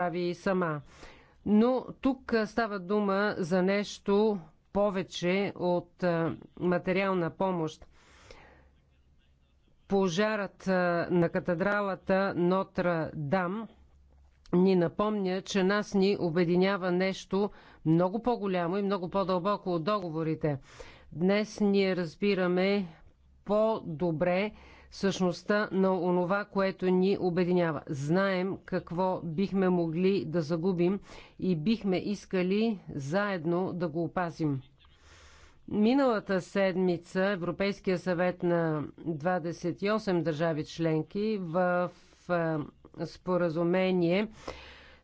прави сама. Но тук става дума за нещо повече от материална помощ. Пожарът на катедралата Нотра Дам ни напомня, че нас ни обединява нещо много по-голямо и много по-дълбоко от договорите. Днес ние разбираме по-добре същността на онова, което ни обединява. Знаем какво бихме могли да загубим и бихме искали заедно да го опазим. Миналата седмица Европейския съвет на 28 държави членки в споразумение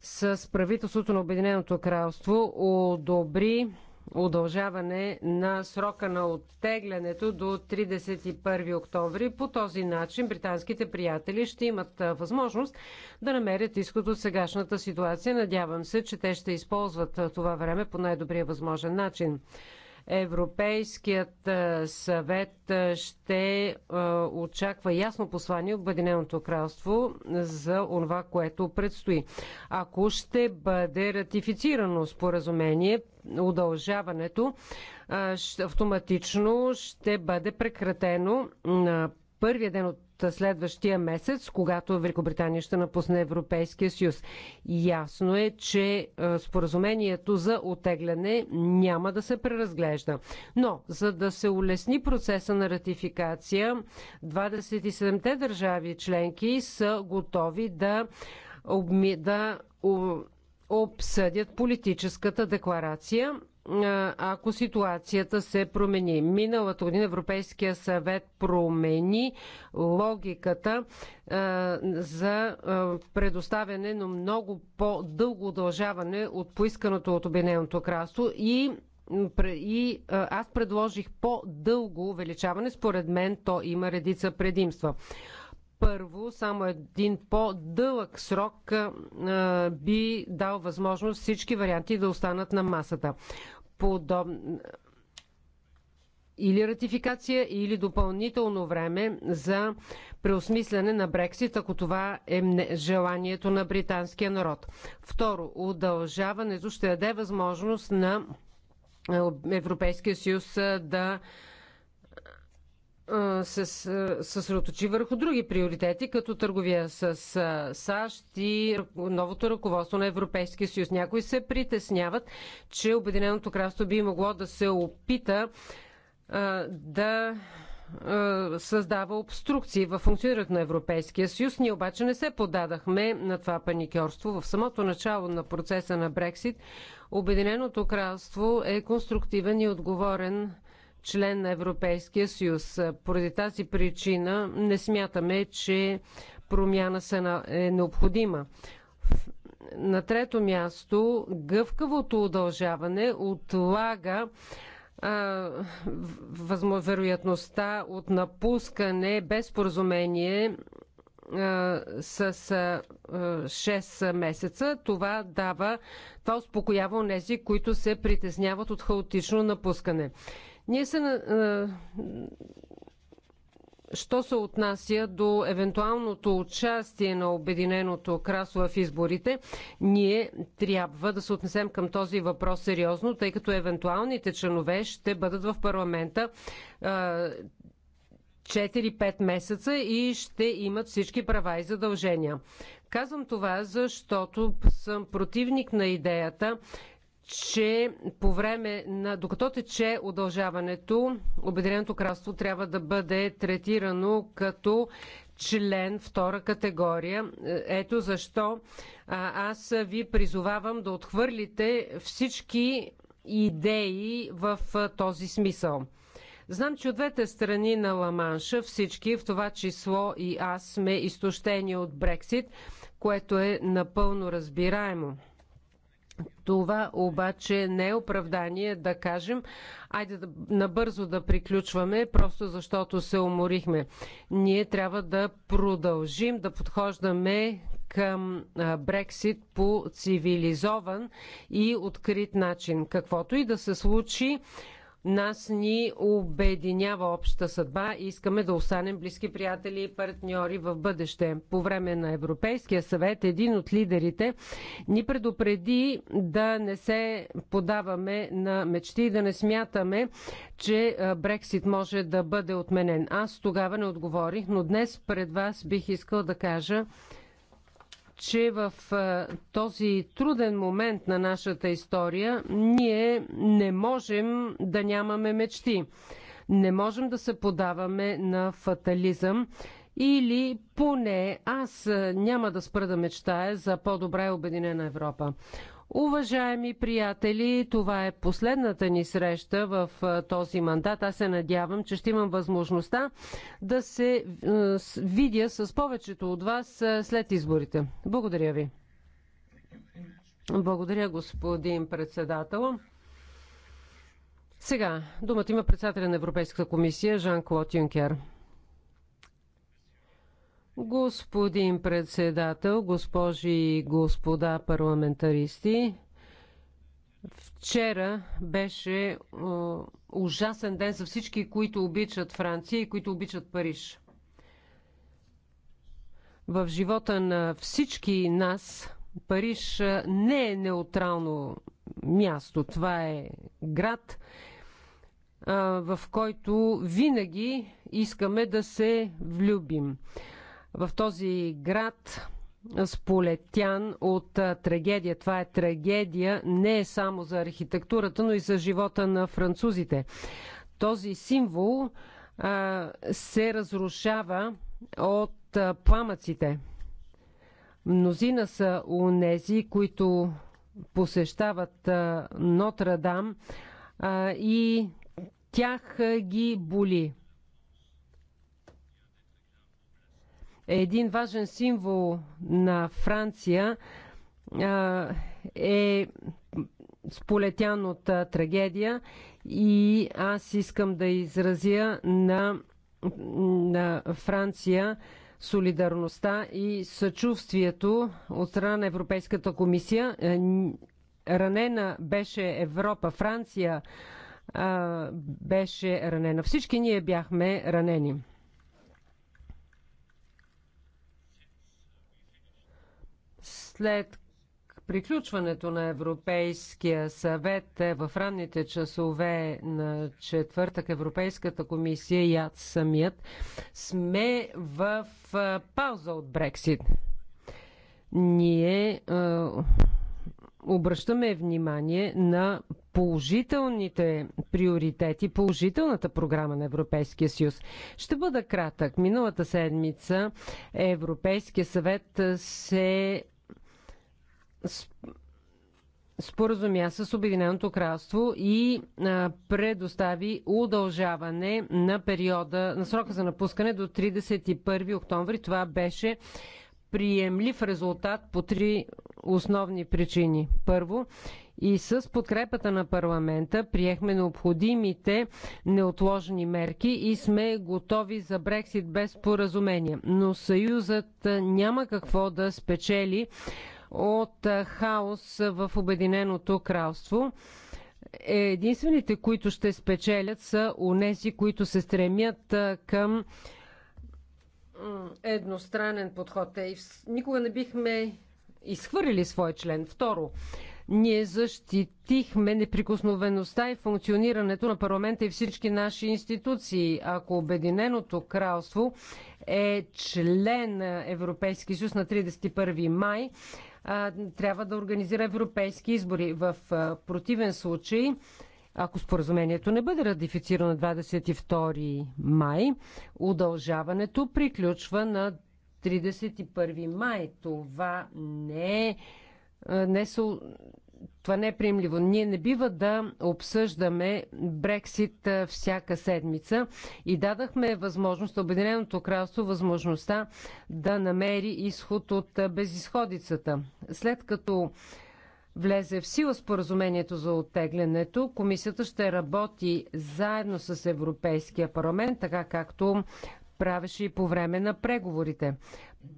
с правителството на Обединеното кралство одобри удължаване на срока на оттеглянето до 31 октомври. По този начин британските приятели ще имат възможност да намерят изход от сегашната ситуация. Надявам се, че те ще използват това време по най-добрия възможен начин. Европейският е, съвет е, ще е, очаква ясно послание от Бъдиненото кралство за това, което предстои. Ако ще бъде ратифицирано споразумение, удължаването автоматично ще бъде прекратено на първия ден от следващия месец, когато Великобритания ще напусне Европейския съюз. Ясно е, че е, споразумението за отегляне няма да се преразглежда. Но, за да се улесни процеса на ратификация, 27-те държави членки са готови да, обми... да обсъдят политическата декларация ако ситуацията се промени. Миналата година Европейския съвет промени логиката за предоставяне на много по-дълго удължаване от поисканото от Обединеното кралство и и аз предложих по-дълго увеличаване. Според мен то има редица предимства. Първо, само един по-дълъг срок би дал възможност всички варианти да останат на масата подобно или ратификация, или допълнително време за преосмисляне на Брексит, ако това е желанието на британския народ. Второ, удължаването ще даде възможност на е, Европейския съюз е, да се съсредоточи върху други приоритети, като търговия с САЩ и новото ръководство на Европейския съюз. Някои се притесняват, че Обединеното кралство би могло да се опита да създава обструкции в функционирането на Европейския съюз. Ние обаче не се подадахме на това паникьорство. В самото начало на процеса на Брексит Обединеното кралство е конструктивен и отговорен член на Европейския съюз. Поради тази причина не смятаме, че промяна е необходима. На трето място, гъвкавото удължаване отлага а, вероятността от напускане без поразумение с 6 месеца. Това дава, това успокоява онези, които се притесняват от хаотично напускане. Ние се. Що се отнася до евентуалното участие на Обединеното красо в изборите, ние трябва да се отнесем към този въпрос сериозно, тъй като евентуалните членове ще бъдат в парламента 4-5 месеца и ще имат всички права и задължения. Казвам това, защото съм противник на идеята че по време на, докато тече удължаването, Обединеното кралство трябва да бъде третирано като член втора категория. Ето защо а, аз ви призовавам да отхвърлите всички идеи в а, този смисъл. Знам, че от двете страни на Ламанша всички, в това число и аз, сме изтощени от Брексит, което е напълно разбираемо. Това обаче не е оправдание да кажем, айде да, набързо да приключваме, просто защото се уморихме. Ние трябва да продължим да подхождаме към Брексит по цивилизован и открит начин. Каквото и да се случи, нас ни обединява обща съдба и искаме да останем близки приятели и партньори в бъдеще. По време на Европейския съвет един от лидерите ни предупреди да не се подаваме на мечти и да не смятаме, че Брексит може да бъде отменен. Аз тогава не отговорих, но днес пред вас бих искал да кажа, че в този труден момент на нашата история ние не можем да нямаме мечти. Не можем да се подаваме на фатализъм или поне аз няма да спра да мечтая за по-добра и обединена Европа. Уважаеми приятели, това е последната ни среща в този мандат. Аз се надявам, че ще имам възможността да се видя с повечето от вас след изборите. Благодаря ви. Благодаря, господин председател. Сега думата има председателя на Европейската комисия Жан-Клод Юнкер. Господин председател, госпожи и господа парламентаристи, вчера беше ужасен ден за всички, които обичат Франция и които обичат Париж. В живота на всички нас Париж не е неутрално място. Това е град, в който винаги искаме да се влюбим в този град сполетян от трагедия. Това е трагедия не е само за архитектурата, но и за живота на французите. Този символ а, се разрушава от а, пламъците. Мнозина са унези, които посещават Нотрадам и тях ги боли. Е един важен символ на Франция е сполетян от трагедия и аз искам да изразя на, на Франция солидарността и съчувствието от страна на Европейската комисия. Е, ранена беше Европа, Франция беше ранена. Всички ние бяхме ранени. след приключването на Европейския съвет е в ранните часове на четвъртък Европейската комисия и аз самият сме в пауза от Брексит. Ние обръщаме внимание на положителните приоритети, положителната програма на Европейския съюз. Ще бъда кратък. Миналата седмица Европейския съвет се споразумя с Обединеното кралство и а, предостави удължаване на периода на срока за напускане до 31 октомври. Това беше приемлив резултат по три основни причини. Първо, и с подкрепата на парламента приехме необходимите неотложни мерки и сме готови за Брексит без поразумение. Но Съюзът няма какво да спечели от хаос в Обединеното кралство. Е, единствените, които ще спечелят, са унези, които се стремят към едностранен подход. Те никога не бихме изхвърлили свой член. Второ, ние защитихме неприкосновеността и функционирането на парламента и всички наши институции. Ако Обединеното кралство е член Европейски съюз на 31 май, трябва да организира европейски избори. В противен случай, ако споразумението не бъде ратифицирано на 22 май, удължаването приключва на 31 май. Това не е не, е това не е приемливо. Ние не бива да обсъждаме Брексит всяка седмица и дадахме възможност Обединеното кралство възможността да намери изход от безисходицата. След като влезе в сила споразумението за оттеглянето, комисията ще работи заедно с Европейския парламент, така както правеше и по време на преговорите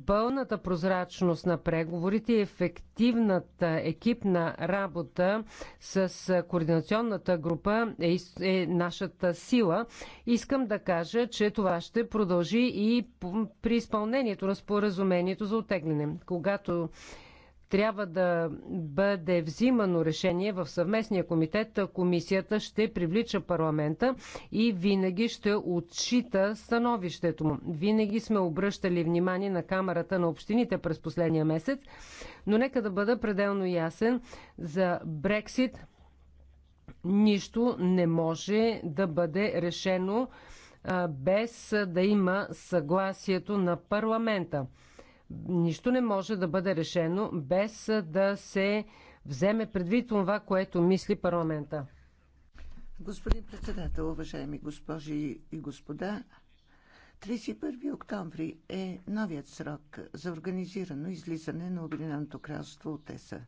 пълната прозрачност на преговорите и ефективната екипна работа с координационната група е, е нашата сила. Искам да кажа, че това ще продължи и при изпълнението на споразумението за отегляне. Когато трябва да бъде взимано решение в съвместния комитет, комисията ще привлича парламента и винаги ще отчита становището му. Винаги сме обръщали внимание на Камерата на общините през последния месец, но нека да бъда пределно ясен за Брексит. Нищо не може да бъде решено без да има съгласието на парламента. Нищо не може да бъде решено без да се вземе предвид това, което мисли парламента. Господин председател, уважаеми госпожи и господа, 31 октомври е новият срок за организирано излизане на Обединеното кралство от ЕСА.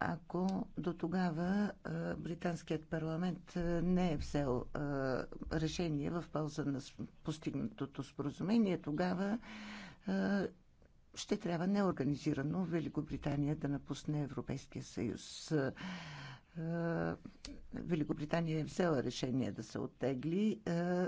Ако до тогава британският парламент не е взел решение в полза на постигнатото споразумение, тогава ще трябва неорганизирано Великобритания да напусне Европейския съюз. Великобритания е взела решение да се оттегли.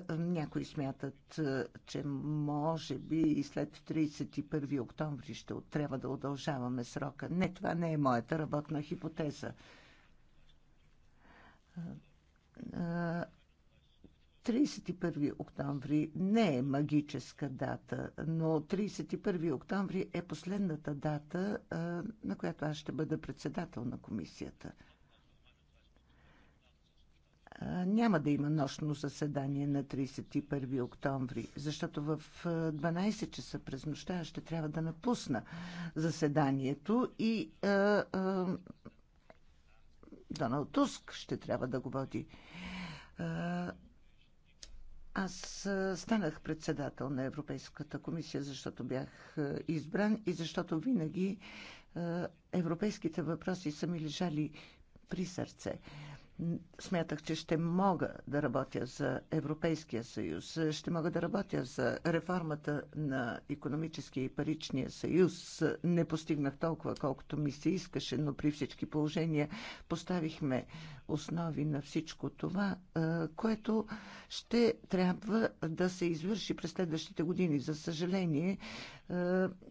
Някои смятат, че може би и след 31 октомври ще трябва да удължаваме срока. Не, това не е моята работна хипотеза 31 октомври не е магическа дата, но 31 октомври е последната дата, на която аз ще бъда председател на комисията. Няма да има нощно заседание на 31 октомври, защото в 12 часа през нощта ще трябва да напусна заседанието и а, а, Доналд Туск ще трябва да го води. Аз станах председател на Европейската комисия, защото бях избран и защото винаги европейските въпроси са ми лежали при сърце. Смятах, че ще мога да работя за Европейския съюз, ще мога да работя за реформата на економическия и паричния съюз. Не постигнах толкова, колкото ми се искаше, но при всички положения поставихме основи на всичко това, което ще трябва да се извърши през следващите години. За съжаление,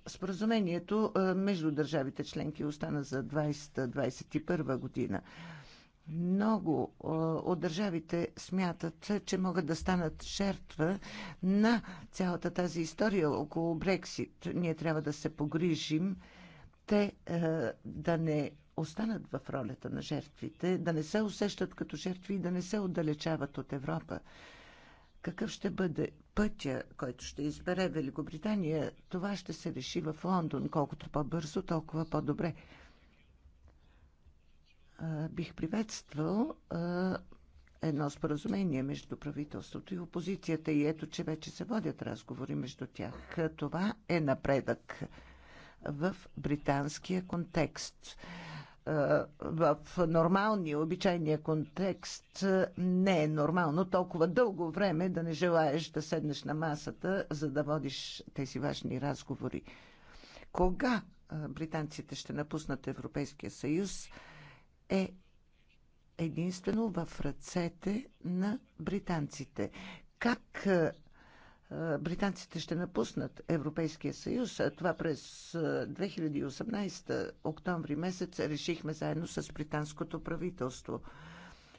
споразумението между държавите членки остана за 2021 година много от държавите смятат, че могат да станат жертва на цялата тази история около Брексит. Ние трябва да се погрижим те да не останат в ролята на жертвите, да не се усещат като жертви и да не се отдалечават от Европа. Какъв ще бъде пътя, който ще избере Великобритания, това ще се реши в Лондон. Колкото по-бързо, толкова по-добре бих приветствал едно споразумение между правителството и опозицията и ето, че вече се водят разговори между тях. Това е напредък в британския контекст. В нормалния, обичайния контекст не е нормално толкова дълго време да не желаеш да седнеш на масата, за да водиш тези важни разговори. Кога британците ще напуснат Европейския съюз? е единствено в ръцете на британците. Как е, е, британците ще напуснат Европейския съюз. Това през 2018 е, октомври месец решихме заедно с британското правителство.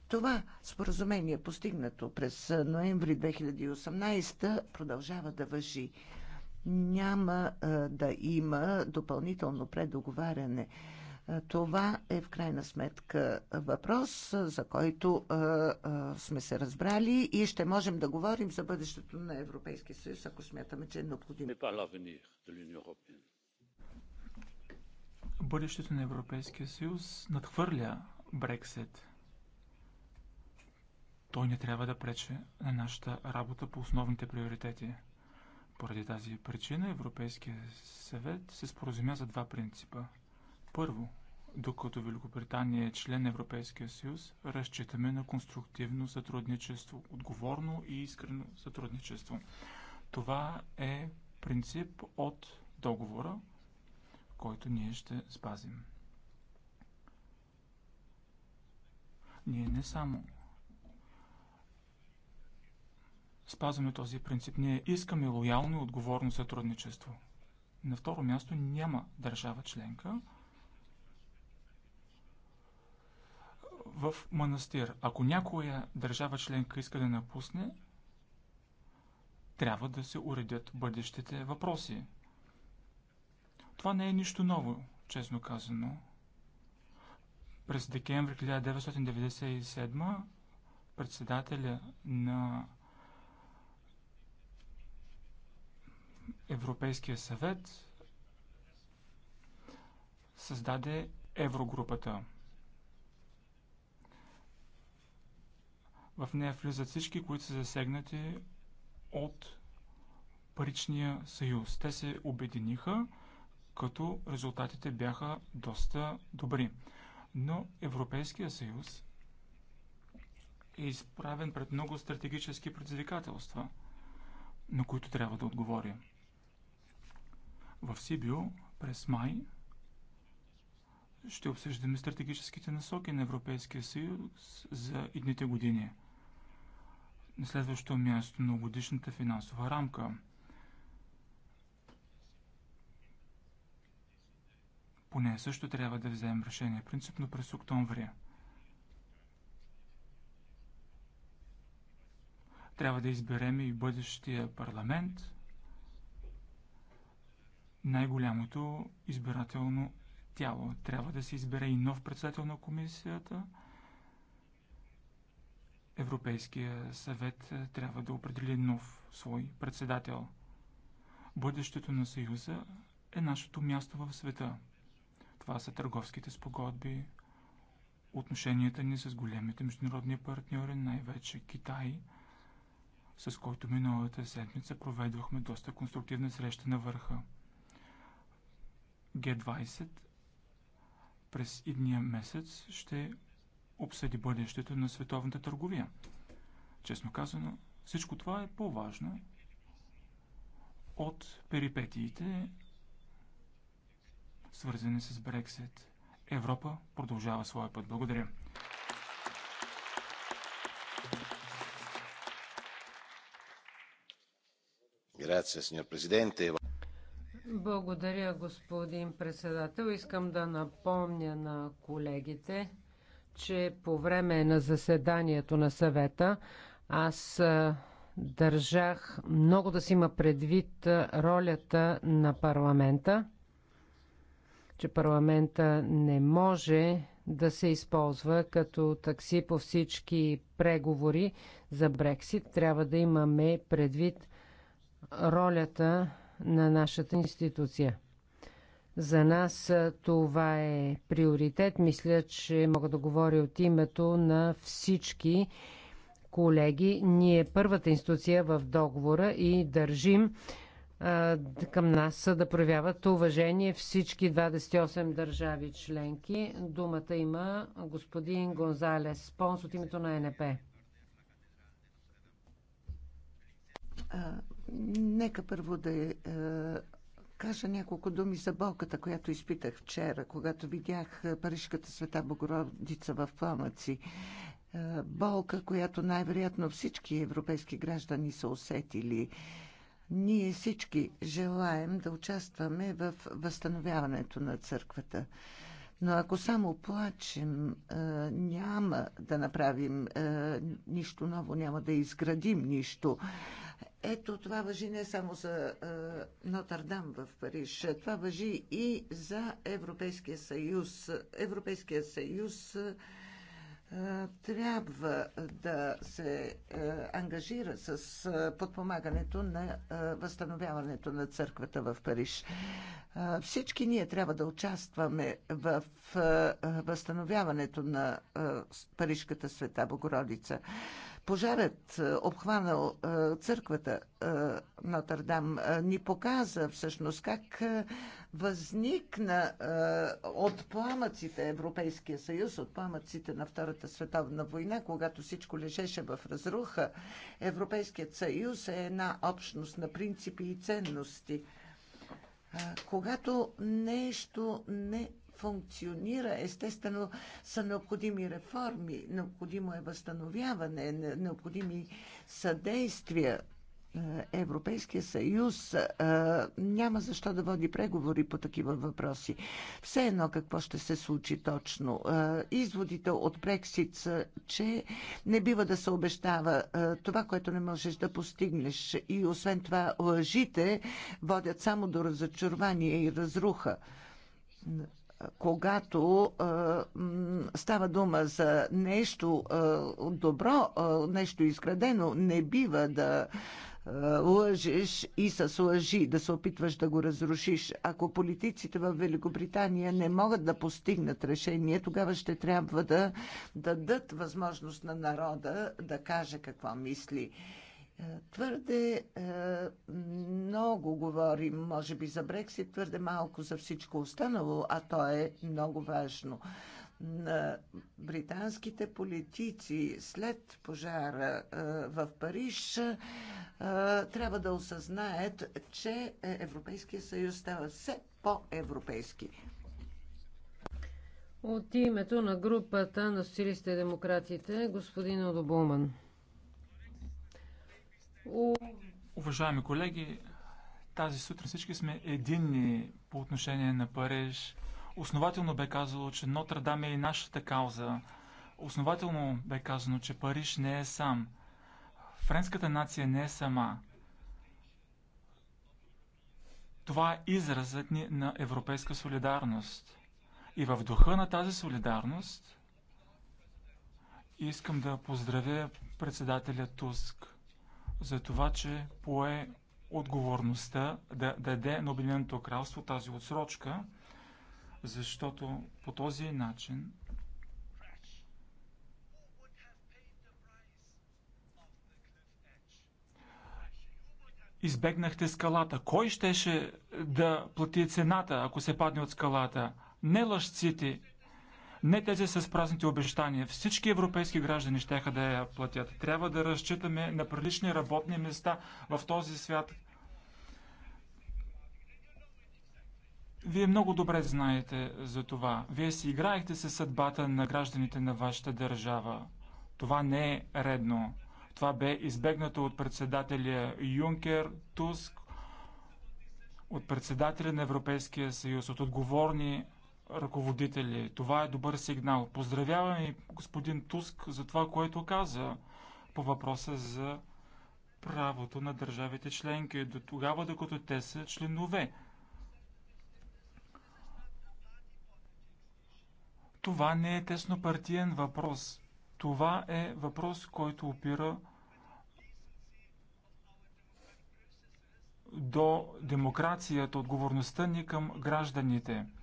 Това споразумение, постигнато през ноември 2018, продължава да въжи. Няма да има допълнително предоговаряне. Е, това е в крайна сметка въпрос, за който а, е, а, е, сме се разбрали и ще можем да говорим за бъдещето на Европейския съюз, ако смятаме, че е необходимо. Бъдещето на Европейския съюз надхвърля Брексит. Той не трябва да прече на нашата работа по основните приоритети. Поради тази причина Европейския съвет се споразумя за два принципа – първо, докато Великобритания е член на Европейския съюз, разчитаме на конструктивно сътрудничество, отговорно и искрено сътрудничество. Това е принцип от договора, който ние ще спазим. Ние не само спазваме този принцип, ние искаме лоялно и отговорно сътрудничество. На второ място няма държава членка – в манастир. Ако някоя държава членка иска да напусне, трябва да се уредят бъдещите въпроси. Това не е нищо ново, честно казано. През декември 1997 председателя на Европейския съвет създаде Еврогрупата. В нея влизат всички, които са засегнати от паричния съюз. Те се обединиха, като резултатите бяха доста добри. Но Европейския съюз е изправен пред много стратегически предизвикателства, на които трябва да отговори. В Сибио през май ще обсъждаме стратегическите насоки на Европейския съюз за идните години. На следващото място на годишната финансова рамка. Поне също трябва да вземем решение, принципно през октомври. Трябва да изберем и бъдещия парламент, най-голямото избирателно тяло. Трябва да се избере и нов председател на комисията. Европейския съвет е, трябва да определи нов свой председател. Бъдещето на Съюза е нашето място в света. Това са търговските спогодби, отношенията ни с големите международни партньори, най-вече Китай, с който миналата седмица проведохме доста конструктивна среща на върха. Г20 през идния месец ще обсъди бъдещето на световната търговия. Честно казано, всичко това е по-важно от перипетиите, свързани с Брексит. Европа продължава своя път. Благодаря. Grazie, signor Presidente. Благодаря, господин председател. Искам да напомня на колегите, че по време на заседанието на съвета аз държах много да си има предвид ролята на парламента, че парламента не може да се използва като такси по всички преговори за Брексит. Трябва да имаме предвид ролята на нашата институция. За нас това е приоритет. Мисля, че мога да говоря от името на всички колеги. Ние е първата институция в договора и държим към нас да проявяват уважение всички 28 държави членки. Думата има господин Гонзалес Спонс от името на НП. Нека първо да е, кажа няколко думи за болката, която изпитах вчера, когато видях е, Парижката света Богородица в пламъци. Е, болка, която най-вероятно всички европейски граждани са усетили. Ние всички желаем да участваме в възстановяването на църквата. Но ако само плачем, е, няма да направим нищо ново, няма да изградим нищо. Ето това въжи не само за е, Нотърдам в Париж, това въжи и за Европейския съюз. Европейския съюз е, трябва да се е, ангажира с е, подпомагането на е, възстановяването на църквата в Париж. Е, всички ние трябва да участваме в е, възстановяването на е, Парижката света Богородица. Пожарът, е, обхванал е, църквата е, Нотърдам, ни показа всъщност как възникна от пламъците Европейския съюз, от пламъците на Втората световна война, когато всичко лежеше в разруха. Европейският съюз е една общност на принципи и ценности. Когато нещо не функционира. Естествено са необходими реформи, необходимо е възстановяване, необходими съдействия. Е, Европейския съюз е, няма защо да води преговори по такива въпроси. Все едно какво ще се случи точно. Е, изводите от Брексит са, че не бива да се обещава това, което не можеш да постигнеш. И освен това, лъжите водят само до разочарование и разруха когато става дума за нещо добро, нещо изградено, не бива да лъжеш и с лъжи, да се опитваш да го разрушиш. Ако политиците в Великобритания не могат да постигнат решение, тогава ще трябва да дадат възможност на народа да каже какво мисли. Е, твърде е, много говорим, може би, за Брексит, твърде малко за всичко останало, а то е много важно. На е, британските политици след пожара в Париж трябва да осъзнаят, че Европейския съюз става все по-европейски. От името на групата на социалистите и демократите, господин Одобуман. Уважаеми колеги, тази сутрин всички сме единни по отношение на Париж. Основателно бе казало, че Нотр-Дам е и нашата кауза. Основателно бе казано, че Париж не е сам. Френската нация не е сама. Това е изразът ни на европейска солидарност. И в духа на тази солидарност искам да поздравя председателя Туск за това, че пое отговорността да даде на Обединеното кралство тази отсрочка, защото по този начин избегнахте скалата. Кой щеше да плати цената, ако се падне от скалата? Не лъжците не тези с празните обещания. Всички европейски граждани ще да я платят. Трябва да разчитаме на прилични работни места в този свят. Вие много добре знаете за това. Вие си играехте с съдбата на гражданите на вашата държава. Това не е редно. Това бе избегнато от председателя Юнкер, Туск, от председателя на Европейския съюз, от отговорни ръководители. Това е добър сигнал. Поздравявам и господин Туск за това, което каза по въпроса за правото на държавите членки до тогава, докато те са членове. Това не е тесно партиен въпрос. Това е въпрос, който опира до демокрацията, отговорността ни към гражданите –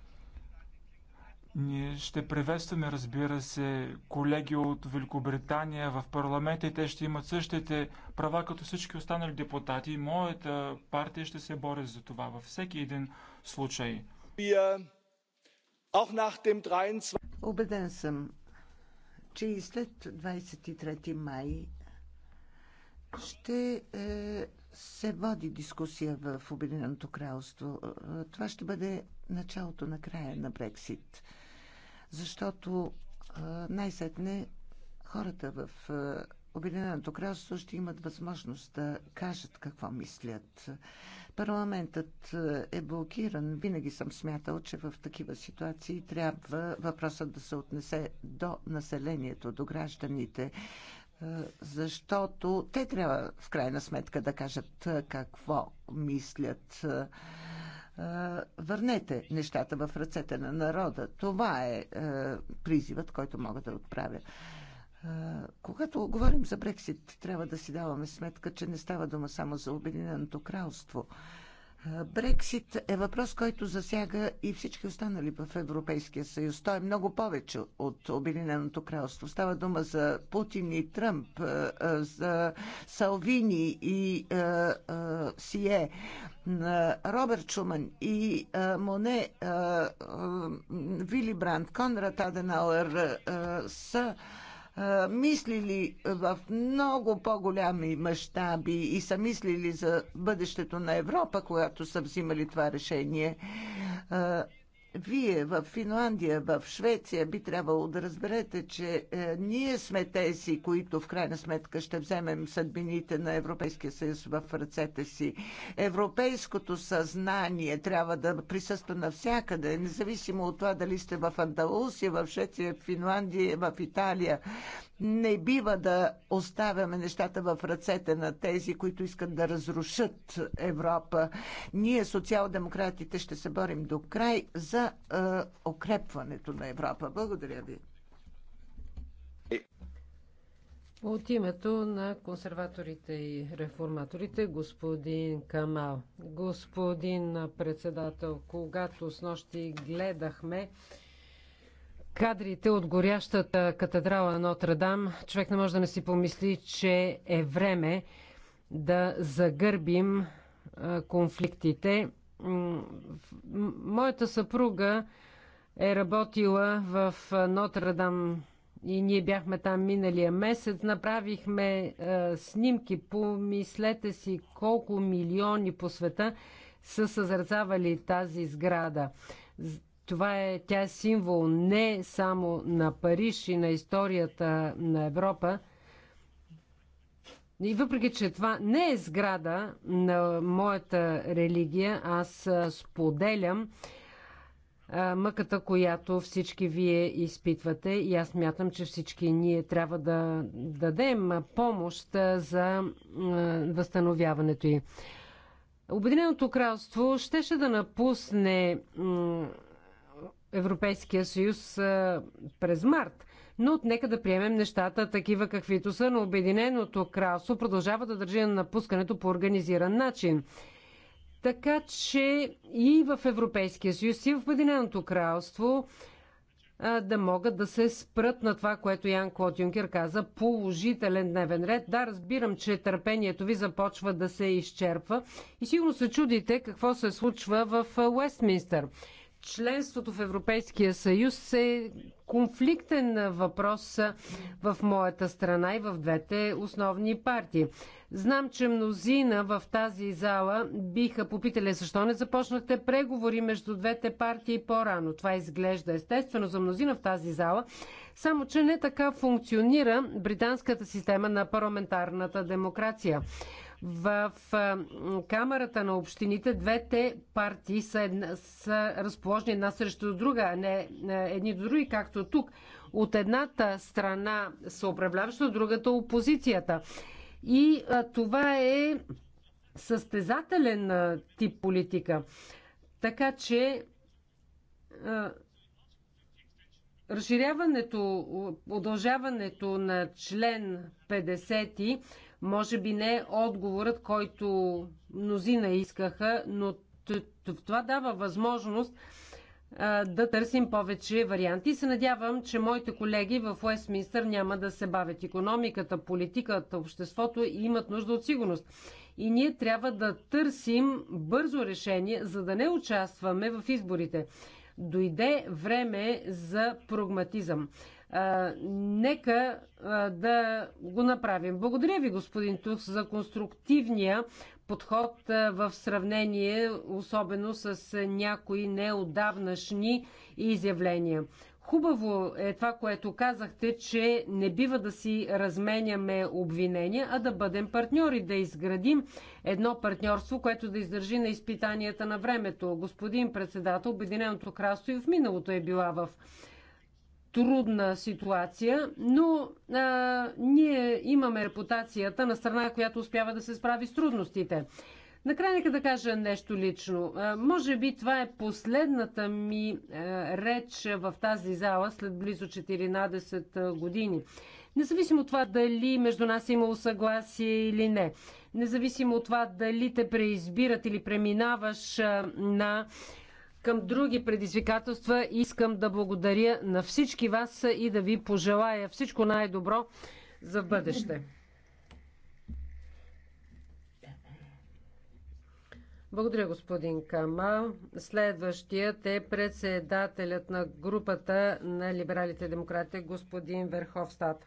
ние ще приветстваме, разбира се, колеги от Великобритания в парламента и те ще имат същите права като всички останали депутати. Моята партия ще се бори за това във всеки един случай. Обеден е, съм, че и след 23 май ще е, се води дискусия в Обединеното кралство. Е, това ще бъде началото на края на Брексит защото най-сетне хората в Обединеното кралство ще имат възможност да кажат какво мислят. Парламентът е блокиран. Винаги съм смятал, че в такива ситуации трябва въпросът да се отнесе до населението, до гражданите, защото те трябва в крайна сметка да кажат какво мислят върнете нещата в ръцете на народа. Това е призивът, който мога да отправя. Когато говорим за Брексит, трябва да си даваме сметка, че не става дума само за Обединеното кралство. Брексит е въпрос, който засяга и всички останали в Европейския съюз. Той е много повече от Обединеното кралство. Става дума за Путин и Тръмп, за Салвини и Сие, Робърт Шуман и Моне, Вили Бранд, Конрад Аденауер са мислили в много по-голями мащаби и са мислили за бъдещето на Европа, когато са взимали това решение вие в Финландия, в Швеция би трябвало да разберете, че е, ние сме тези, които в крайна сметка ще вземем съдбините на Европейския съюз в ръцете си. Европейското съзнание трябва да присъства навсякъде, независимо от това дали сте в Андалусия, в Швеция, в Финландия, в Италия. Не бива да оставяме нещата в ръцете на тези, които искат да разрушат Европа. Ние, социал-демократите, ще се борим до край за е, укрепването на Европа. Благодаря ви. От името на консерваторите и реформаторите, господин Камал. Господин председател, когато с нощи гледахме кадрите от горящата катедрала Нотр-Дам, човек не може да не си помисли, че е време да загърбим конфликтите. Моята съпруга е работила в Нотр-Дам и ние бяхме там миналия месец. Направихме снимки. Помислете си колко милиони по света са съзерцавали тази сграда. Това е, тя е символ не само на Париж и на историята на Европа. И въпреки, че това не е сграда на моята религия, аз споделям мъката, която всички вие изпитвате и аз мятам, че всички ние трябва да дадем помощ за възстановяването й. Обединеното кралство щеше да напусне Европейския съюз през март. Но нека да приемем нещата такива каквито са, но Обединеното кралство продължава да държи на напускането по организиран начин. Така че и в Европейския съюз, и в Обединеното кралство да могат да се спрат на това, което Ян Клод Юнкер каза, положителен дневен ред. Да, разбирам, че търпението ви започва да се изчерпва и сигурно се чудите какво се случва в Уестминстър. Членството в Европейския съюз е конфликтен въпрос в моята страна и в двете основни партии. Знам, че мнозина в тази зала биха попитали защо не започнахте преговори между двете партии по-рано. Това изглежда естествено за мнозина в тази зала, само, че не така функционира британската система на парламентарната демокрация. В Камерата на общините двете партии са, една, са разположени една срещу друга, а не едни до други, както тук. От едната страна са управляваща, от другата опозицията. И а, това е състезателен а, тип политика. Така че а, Разширяването, удължаването на член 50 може би не е отговорът, който мнозина искаха, но това дава възможност да търсим повече варианти. се надявам, че моите колеги в Уестминстър няма да се бавят. Економиката, политиката, обществото имат нужда от сигурност. И ние трябва да търсим бързо решение, за да не участваме в изборите. Дойде време за прагматизъм. А, нека а, да го направим. Благодаря ви, господин Тух, за конструктивния подход а, в сравнение, особено с някои неодавнашни изявления. Хубаво е това, което казахте, че не бива да си разменяме обвинения, а да бъдем партньори, да изградим едно партньорство, което да издържи на изпитанията на времето. Господин председател, Обединеното кралство и в миналото е била в трудна ситуация, но а, ние имаме репутацията на страна, която успява да се справи с трудностите. Накрая нека да кажа нещо лично. Може би това е последната ми реч в тази зала след близо 14 години. Независимо от това дали между нас е имало съгласие или не, независимо от това дали те преизбират или преминаваш на към други предизвикателства, искам да благодаря на всички вас и да ви пожелая всичко най-добро за бъдеще. Благодаря, господин Кама. Следващият е председателят на групата на либералите демократи, господин Верховстат.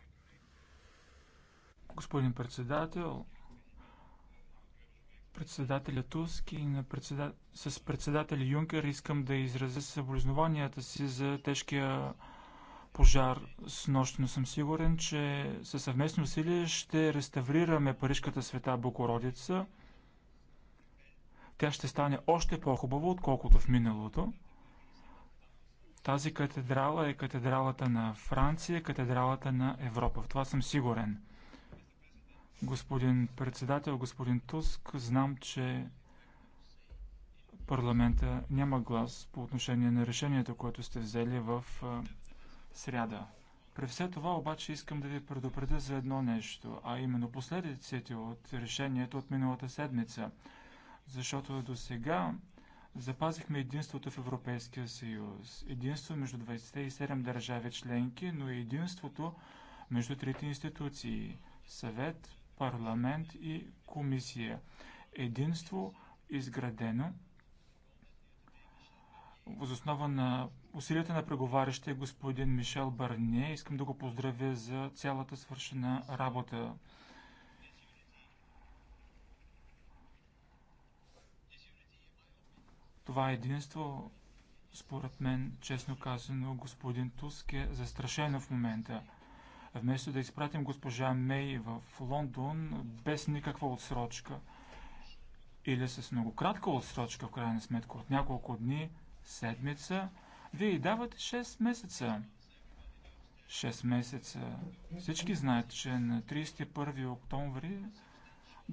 Господин председател, председателя Туски, и на председа... с председател Юнкер искам да изразя съболезнованията си за тежкия пожар с нощ, но съм сигурен, че със съвместно усилие ще реставрираме Парижката света Богородица – тя ще стане още по-хубава, отколкото в миналото. Тази катедрала е катедралата на Франция, катедралата на Европа. В това съм сигурен. Господин председател, господин Туск, знам, че парламента няма глас по отношение на решението, което сте взели в сряда. При все това обаче искам да ви предупредя за едно нещо, а именно последиците от решението от миналата седмица – защото до сега запазихме единството в Европейския съюз. Единство между 27 държави членки, но и единството между трите институции – съвет, парламент и комисия. Единство изградено възоснова на усилията на преговарящия господин Мишел Барние. Искам да го поздравя за цялата свършена работа Това единство, според мен, честно казано, господин Туск е застрашено в момента. Вместо да изпратим госпожа Мей в Лондон без никаква отсрочка или с много кратка отсрочка, в крайна сметка, от няколко дни, седмица, вие й давате 6 месеца. 6 месеца. Всички знаят, че на 31 октомври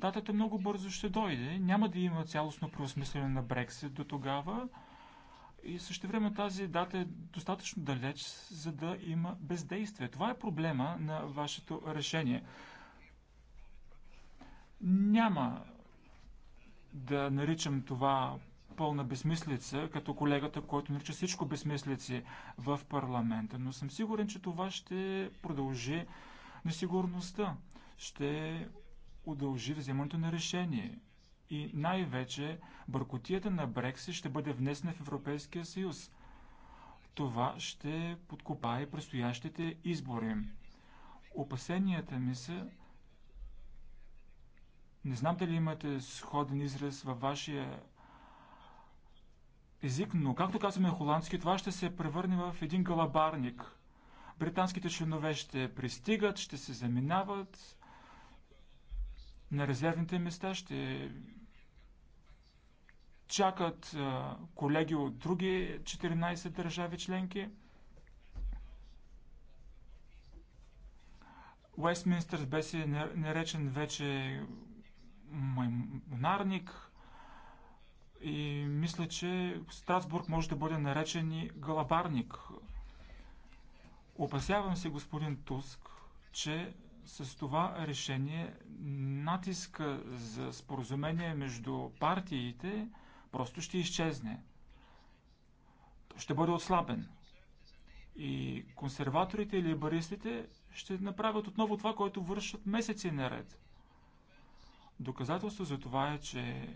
Датата много бързо ще дойде. Няма да има цялостно преосмислене на Брексит до тогава. И също време тази дата е достатъчно далеч, за да има бездействие. Това е проблема на вашето решение. Няма да наричам това пълна безмислица, като колегата, който нарича всичко безмислици в парламента. Но съм сигурен, че това ще продължи несигурността. Ще удължи вземането на решение. И най-вече бъркотията на Брекси ще бъде внесена в Европейския съюз. Това ще подкопае предстоящите избори. Опасенията ми са, не знам дали имате сходен израз във вашия език, но както казваме холандски, това ще се превърне в един галабарник. Британските членове ще пристигат, ще се заминават, на резервните места ще чакат колеги от други 14 държави членки. Уестминстър беше наречен вече монарник и мисля, че Страсбург може да бъде наречен и галабарник. Опасявам се, господин Туск, че с това решение натиска за споразумение между партиите просто ще изчезне. Ще бъде отслабен. И консерваторите и либаристите ще направят отново това, което вършат месеци наред. Доказателство за това е, че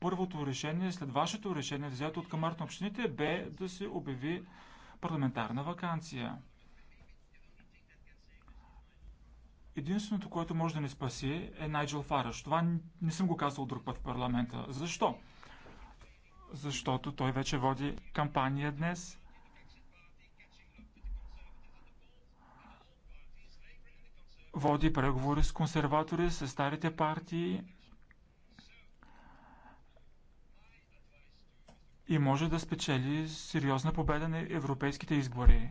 първото решение, след вашето решение, взето от камарата на общините, бе да се обяви парламентарна вакансия. единственото, което може да ни спаси е Найджел Фараш. Това не съм го казал друг път в парламента. Защо? Защото той вече води кампания днес. Води преговори с консерватори, с старите партии и може да спечели сериозна победа на европейските избори.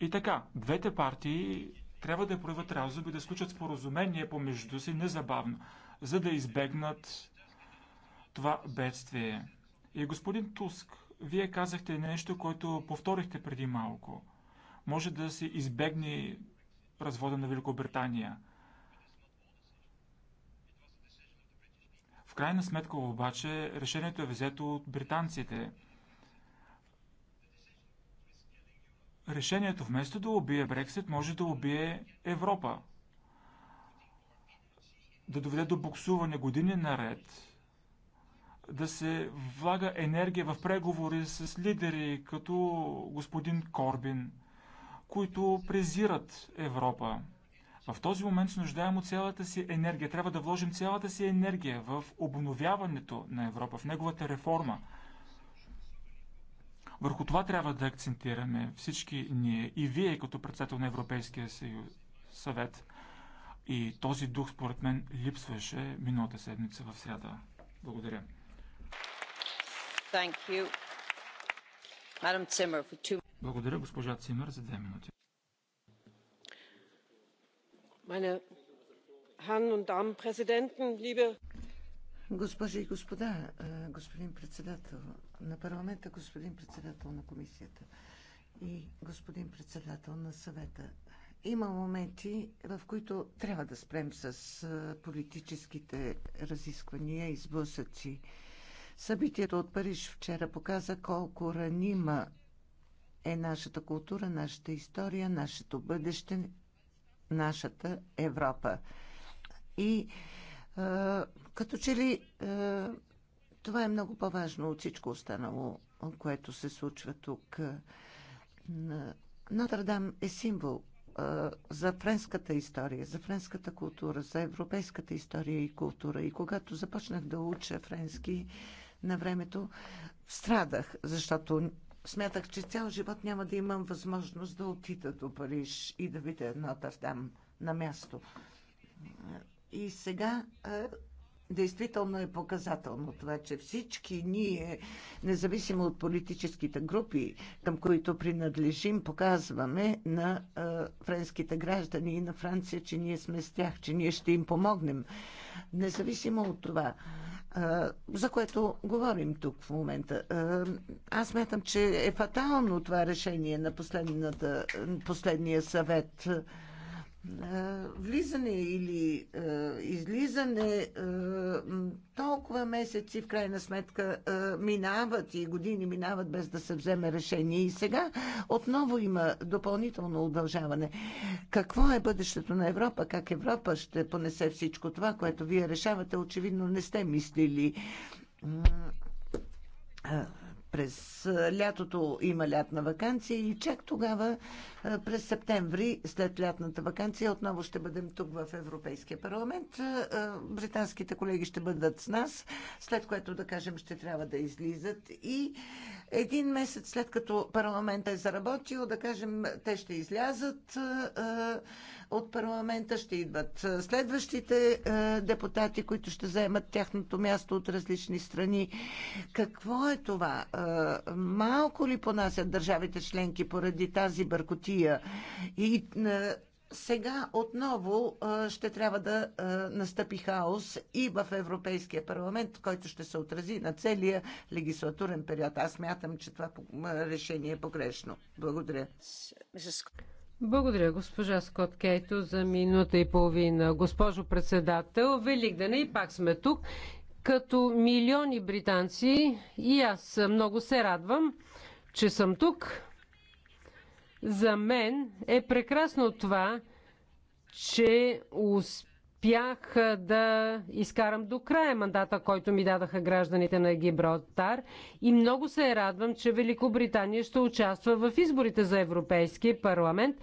И така, двете партии трябва да проявят разум и да сключат споразумение помежду си незабавно, за да избегнат това бедствие. И господин Туск, вие казахте нещо, което повторихте преди малко. Може да се избегне развода на Великобритания. В крайна сметка обаче решението е взето от британците. решението вместо да убие Брексит, може да убие Европа. Да доведе до буксуване години наред, да се влага енергия в преговори с лидери като господин Корбин, които презират Европа. В този момент се нуждаем от цялата си енергия. Трябва да вложим цялата си енергия в обновяването на Европа, в неговата реформа – върху това трябва да акцентираме всички ние и вие като председател на Европейския съюз, съвет. И този дух, според мен, липсваше миналата седмица в среда. Благодаря. Zimmer, two... Благодаря, госпожа Цимер, за две минути. Госпожи и господа, господин председател, на парламента, господин председател на комисията и господин председател на съвета. Има моменти, в които трябва да спрем с политическите разисквания и сблъсъци. Събитието от Париж вчера показа колко ранима е нашата култура, нашата история, нашето бъдеще, нашата Европа. И е, като че ли е, това е много по-важно от всичко останало, което се случва тук. Нотърдам е символ за френската история, за френската култура, за европейската история и култура. И когато започнах да уча френски на времето, страдах, защото смятах, че цял живот няма да имам възможност да отида до Париж и да видя Нотърдам на място. И сега Действително е показателно това, че всички ние, независимо от политическите групи, към които принадлежим, показваме на е, френските граждани и на Франция, че ние сме с тях, че ние ще им помогнем. Независимо от това, е, за което говорим тук в момента, е, аз мятам, че е фатално това решение на последния съвет. Е, влизане или е, излизане е, толкова месеци в крайна сметка е, минават и години минават без да се вземе решение и сега отново има допълнително удължаване. Какво е бъдещето на Европа? Как Европа ще понесе всичко това, което вие решавате? Очевидно не сте мислили през лятото има лятна вакансия и чак тогава, през септември, след лятната вакансия, отново ще бъдем тук в Европейския парламент. Британските колеги ще бъдат с нас, след което, да кажем, ще трябва да излизат и един месец след като парламентът е заработил, да кажем, те ще излязат от парламента, ще идват е, следващите е, депутати, които ще заемат тяхното място от различни страни. Какво е това? Е, малко ли понасят държавите членки поради тази бъркотия? И сега отново ще трябва да настъпи хаос и в Европейския парламент, който ще се отрази на целия легислатурен период. Аз мятам, че това решение е погрешно. Благодаря. Благодаря, госпожа Скот Кейто, за минута и половина. Госпожо председател, Велик не и пак сме тук. Като милиони британци и аз много се радвам, че съм тук. За мен е прекрасно това, че успях успях да изкарам до края мандата, който ми дадаха гражданите на Гибралтар и много се радвам, че Великобритания ще участва в изборите за Европейския парламент.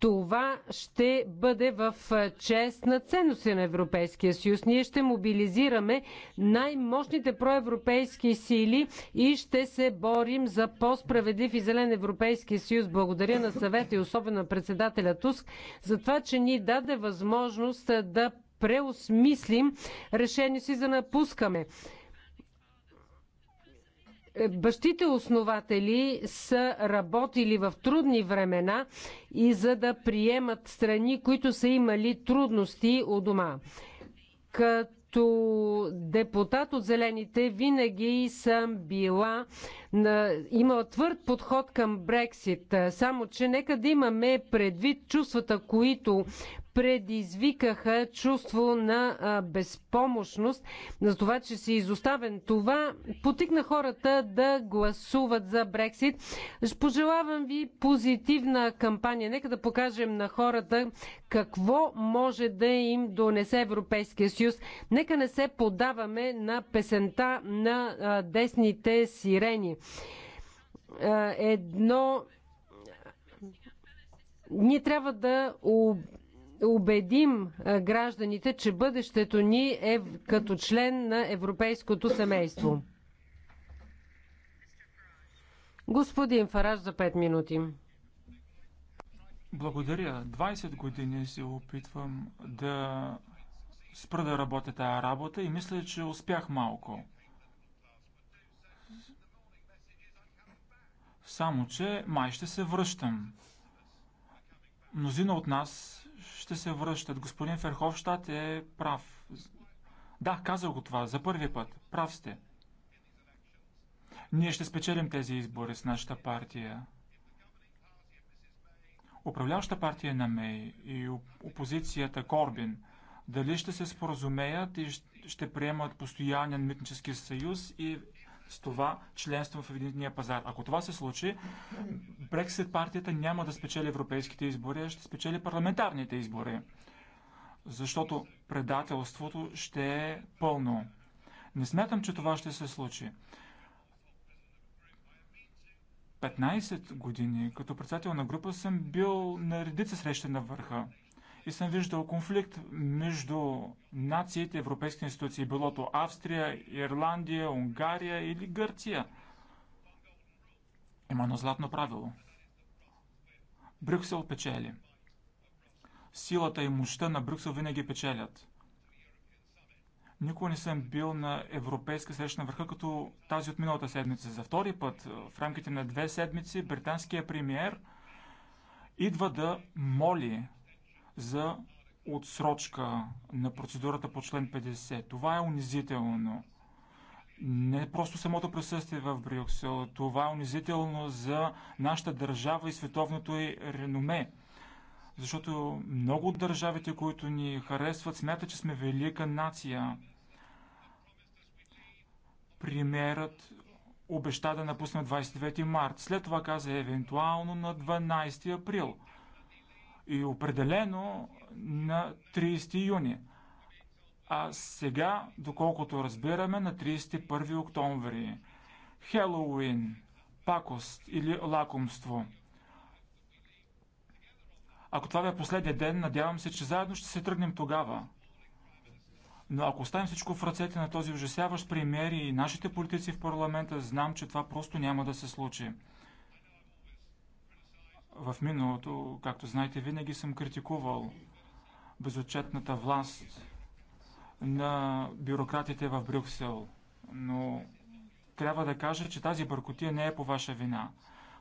Това ще бъде в чест на ценности на Европейския съюз. Ние ще мобилизираме най-мощните проевропейски сили и ще се борим за по-справедлив и зелен Европейски съюз. Благодаря на съвета и особено на председателя Туск за това, че ни даде възможност да преосмислим решението си за напускаме. Е, бащите основатели са работили в трудни времена и за да приемат страни, които са имали трудности у дома. Като депутат от Зелените винаги съм била на, има твърд подход към Брексит. Е, само, че нека да имаме предвид чувствата, които предизвикаха чувство на а, безпомощност за това, че си изоставен. Това потикна хората да гласуват за Брексит. Пожелавам ви позитивна кампания. Нека да покажем на хората какво може да им донесе Европейския съюз. Нека не се подаваме на песента на а, десните сирени. Е, едно. Ние трябва да убедим е, гражданите, че бъдещето ни е като член на европейското семейство. Господин Фараж за 5 минути. Благодаря. 20 години се опитвам да спра да работя тая работа и мисля, че успях малко. Само, че май ще се връщам. Мнозина от нас ще се връщат. Господин Ферховщат е прав. Да, казал го това за първи път. Прав сте. Ние ще спечелим тези избори с нашата партия. Управляваща партия на Мей и опозицията Корбин дали ще се споразумеят и ще приемат постоянен митнически съюз и с това членство в единния пазар. Ако това се случи, Брексит партията няма да спечели европейските избори, а ще спечели парламентарните избори. Защото предателството ще е пълно. Не смятам, че това ще се случи. 15 години като председател на група съм бил на редица срещи на върха и съм виждал конфликт между нациите, европейски институции, било то Австрия, Ирландия, Унгария или Гърция. Има едно златно правило. Брюксел печели. Силата и мощта на Брюксел винаги печелят. Никога не съм бил на европейска среща на върха, като тази от миналата седмица. За втори път, в рамките на две седмици, британският премиер идва да моли за отсрочка на процедурата по член 50. Това е унизително. Не е просто самото присъствие в Брюксел, това е унизително за нашата държава и световното й реноме. Защото много от държавите, които ни харесват, смятат, че сме велика нация. Примерът обеща да напусне 29 март. След това каза евентуално на 12 април – и определено на 30 юни. А сега, доколкото разбираме, на 31 октомври. Хелоуин, пакост или лакомство. Ако това е последния ден, надявам се, че заедно ще се тръгнем тогава. Но ако оставим всичко в ръцете на този ужасяващ премьер и нашите политици в парламента, знам, че това просто няма да се случи. В миналото, както знаете, винаги съм критикувал безотчетната власт на бюрократите в Брюксел. Но трябва да кажа, че тази бъркотия не е по ваша вина.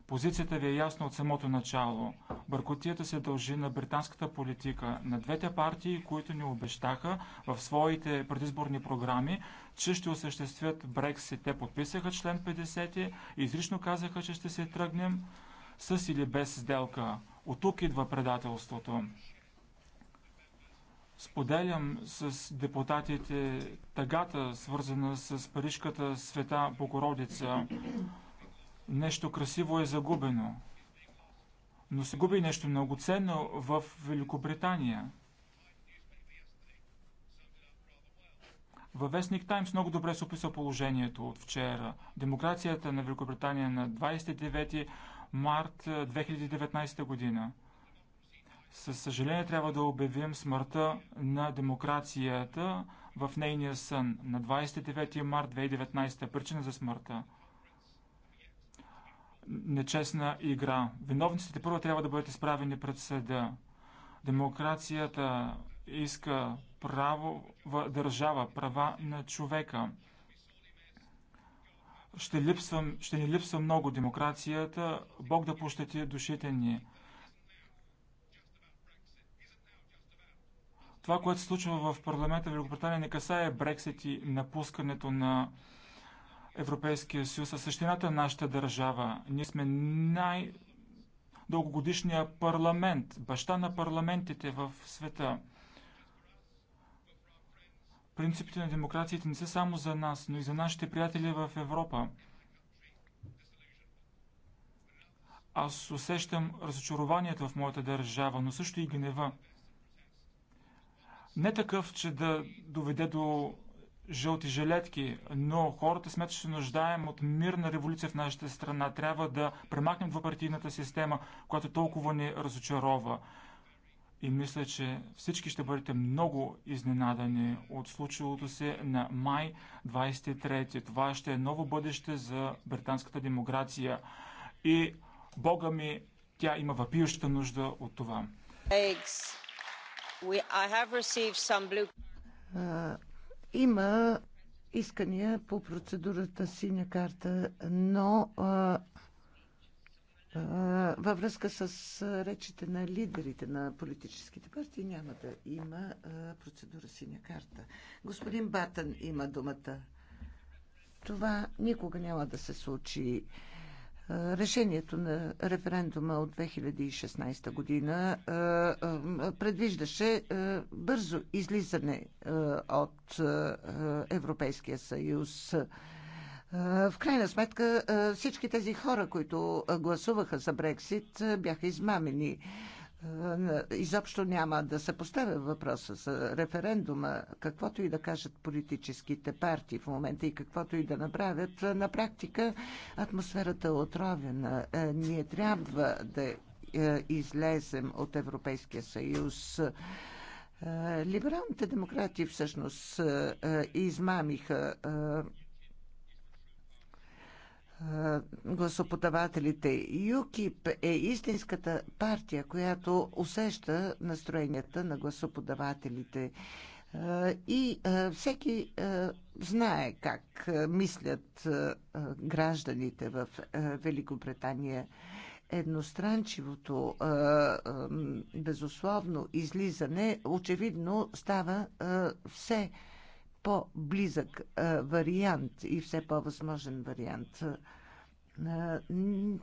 Позицията ви е ясна от самото начало. Бъркотията се дължи на британската политика, на двете партии, които ни обещаха в своите предизборни програми, че ще осъществят Брексит. Те подписаха член 50 и изрично казаха, че ще се тръгнем с или без сделка. От тук идва предателството. Споделям с депутатите тъгата, свързана с Парижката света Богородица. Нещо красиво е загубено, но се губи нещо много ценно в Великобритания. Във вестник Таймс много добре се описа положението от вчера. Демокрацията на Великобритания на 29 март 2019 е, година. Със съжаление трябва да обявим смъртта на демокрацията в нейния сън на 29 март 2019. Причина за смъртта. Нечестна игра. Виновниците първо трябва да бъдат изправени пред съда. Демокрацията иска право държава, права на човека ще, липсвам, ще ни липсва много демокрацията. Бог да пощати душите ни. Това, което се случва в парламента в Великобритания, не касае Брексит и напускането на Европейския съюз, а същината на нашата държава. Ние сме най-дългогодишния парламент, баща на парламентите в света. Принципите на демокрациите не са само за нас, но и за нашите приятели в Европа. Аз усещам разочарованието в моята държава, но също и гнева. Не такъв, че да доведе до жълти жилетки, но хората смятат, че се нуждаем от мирна революция в нашата страна. Трябва да премахнем двупартийната система, която толкова ни разочарова. И мисля, че всички ще бъдете много изненадани от случилото се на май 23. Това ще е ново бъдеще за британската демокрация. И Бога ми, тя има въпиюща нужда от това. има искания по процедурата синя карта, но а, във връзка с речите на лидерите на политическите партии няма да има процедура синя карта. Господин Батън има думата. Това никога няма да се случи. Решението на референдума от 2016 година предвиждаше бързо излизане от Европейския съюз. В крайна сметка всички тези хора, които гласуваха за Брексит, бяха измамени. Изобщо няма да се поставя въпроса за референдума, каквото и да кажат политическите партии в момента и каквото и да направят. На практика атмосферата е отровена. Ние трябва да излезем от Европейския съюз. Либералните демократи всъщност измамиха е, гласоподавателите. ЮКИП е истинската партия, която усеща настроенията на гласоподавателите. Е, и е, всеки знае как мислят гражданите в Великобритания. Едностранчивото, безусловно излизане очевидно става все по-близък вариант и все по-възможен вариант.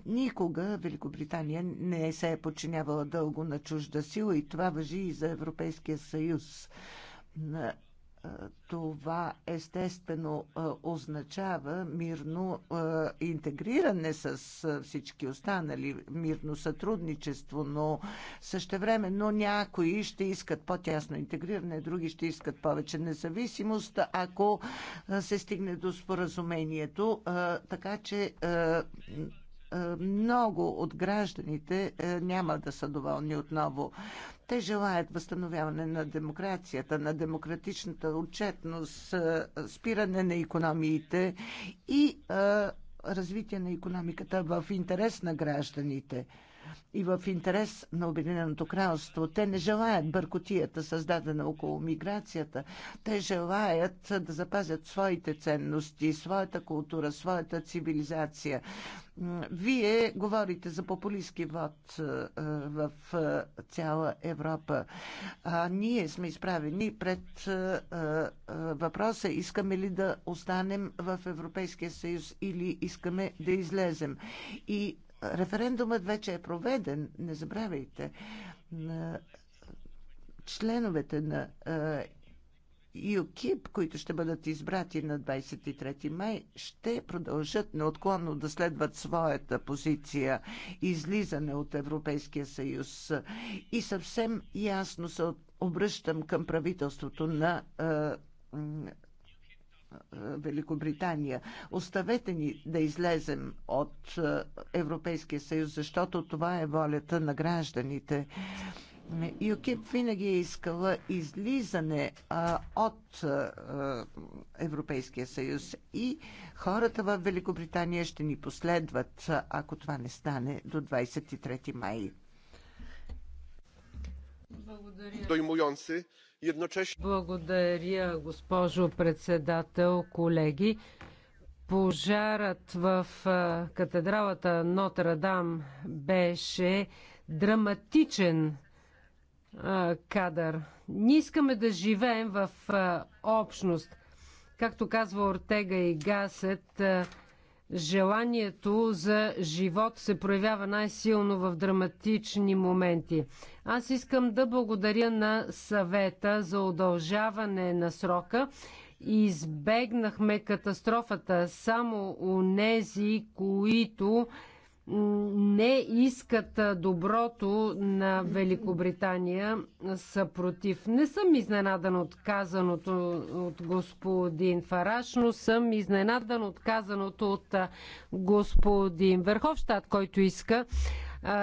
Никога Великобритания не се е подчинявала дълго на чужда сила и това въжи и за Европейския съюз това естествено означава мирно интегриране с всички останали, мирно сътрудничество, но но някои ще искат по-тясно интегриране, други ще искат повече независимост, ако се стигне до споразумението. Така че е, много от гражданите е, няма да са доволни отново. Те желаят възстановяване на демокрацията, на демократичната отчетност, е, спиране на економиите и развитие на економиката в интерес на гражданите и в интерес на Обединеното кралство. Те не желаят бъркотията, създадена около миграцията. Те желаят да запазят своите ценности, своята култура, своята цивилизация. Вие говорите за популистски вод е, в е, цяла Европа. А ние сме изправени пред е, въпроса искаме ли да останем в Европейския съюз или искаме да излезем. И Референдумът вече е проведен, не забравяйте. Членовете на ЮКИП, които ще бъдат избрати на 23 май, ще продължат неотклонно да следват своята позиция излизане от Европейския съюз. И съвсем ясно се обръщам към правителството на Великобритания. Оставете ни да излезем от е, Европейския съюз, защото това е волята на гражданите. ЮКИП винаги е искала излизане а, от а, е, Европейския съюз и хората в Великобритания ще ни последват, ако това не стане до 23 май. Благодаря. Благодаря, госпожо председател, колеги. Пожарът в катедралата Нотр-Дам беше драматичен кадър. Ние искаме да живеем в общност. Както казва Ортега и Гасет, желанието за живот се проявява най-силно в драматични моменти. Аз искам да благодаря на съвета за удължаване на срока. Избегнахме катастрофата само у нези, които не искат доброто на Великобритания са против. Не съм изненадан от казаното от господин Фараш, но съм изненадан от казаното от господин Верховщад, който иска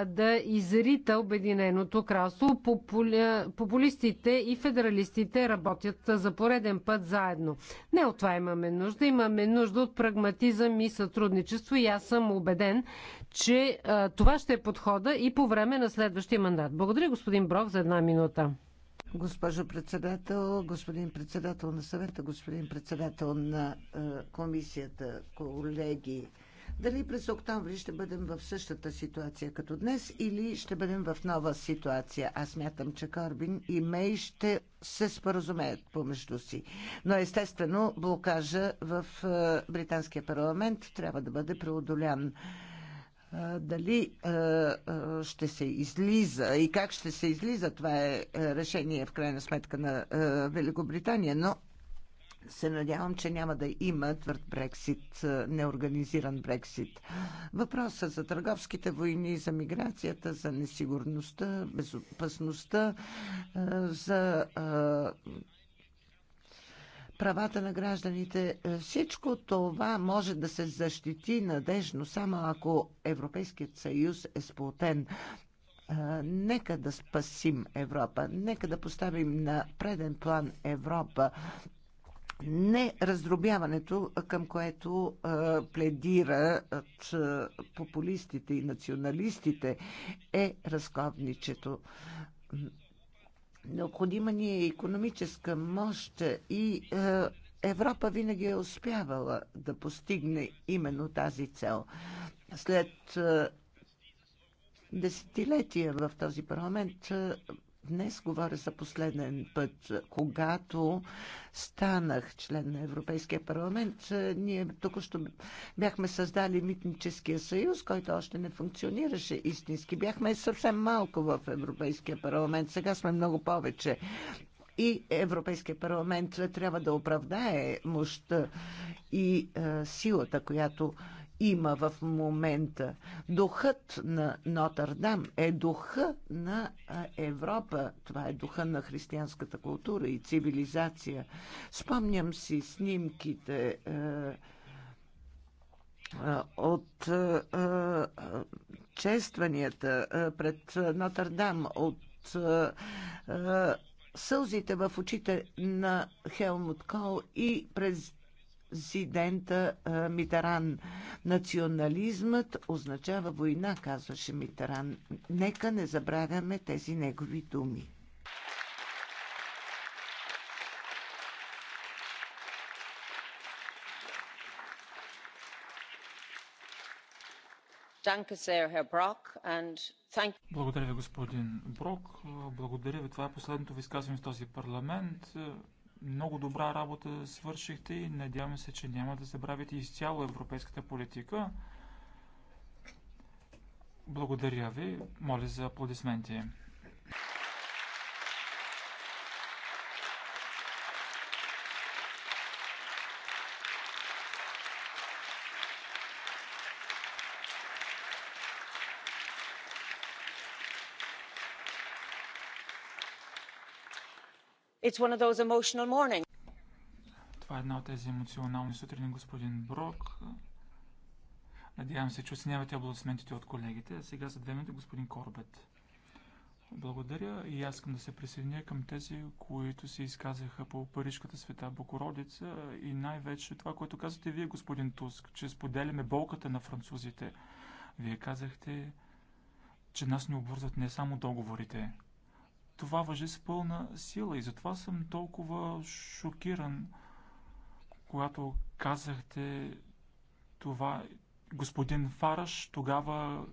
да изрита Обединеното кралство. Популя... Популистите и федералистите работят за пореден път заедно. Не от това имаме нужда. Имаме нужда от прагматизъм и сътрудничество и аз съм убеден, че а, това ще е подхода и по време на следващия мандат. Благодаря, господин Брок, за една минута. Госпожо председател, господин председател на съвета, господин председател на е, комисията, колеги, дали през октомври ще бъдем в същата ситуация като днес или ще бъдем в нова ситуация? Аз мятам, че Корбин и Мей ще се споразумеят помежду си. Но естествено блокажа в е, британския парламент трябва да бъде преодолян е, дали е, ще се излиза и как ще се излиза, това е решение в крайна сметка на Великобритания, но се надявам, че няма да има твърд Брексит, е, неорганизиран Брексит. Въпросът за търговските войни, за миграцията, за несигурността, безопасността, е, за е, правата на гражданите, всичко това може да се защити надежно, само ако Европейският съюз е сплотен нека да спасим Европа, нека да поставим на преден план Европа, не раздробяването, към което а, пледират а, популистите и националистите, е разковничето. Необходима ни е економическа мощ и а, Европа винаги е успявала да постигне именно тази цел. След а, десетилетия в този парламент Днес говоря за последен път. Когато станах член на Европейския парламент, ние току-що бяхме създали Митническия съюз, който още не функционираше истински. Бяхме съвсем малко в Европейския парламент. Сега сме много повече и Европейския парламент трябва да оправдае мощта и е, силата, която има в момента. Духът на Нотърдам е духа на Европа. Това е духа на християнската култура и цивилизация. Спомням си снимките е, от е, честванията пред Нотърдам, от сълзите в очите на Хелмут Кол и през президента Митеран. Национализмът означава война, казваше Митеран. Нека не забравяме тези негови думи. Благодаря ви, господин Брок. Благодаря ви. Това е последното ви изказване в този парламент. Много добра работа свършихте и надявам се, че няма да забравите изцяло европейската политика. Благодаря ви. Моля за аплодисменти. Това е една от тези емоционални сутрини, господин Брок. Надявам се, че оценявате аплодисментите от колегите. А сега за две минути господин Корбет. Благодаря и аз искам да се присъединя към тези, които се изказаха по Парижката света Богородица и най-вече това, което казвате вие, господин Туск, че споделяме болката на французите. Вие казахте, че нас ни обвързват не само договорите. Това въжи с пълна сила и затова съм толкова шокиран, когато казахте това. Господин Фараш тогава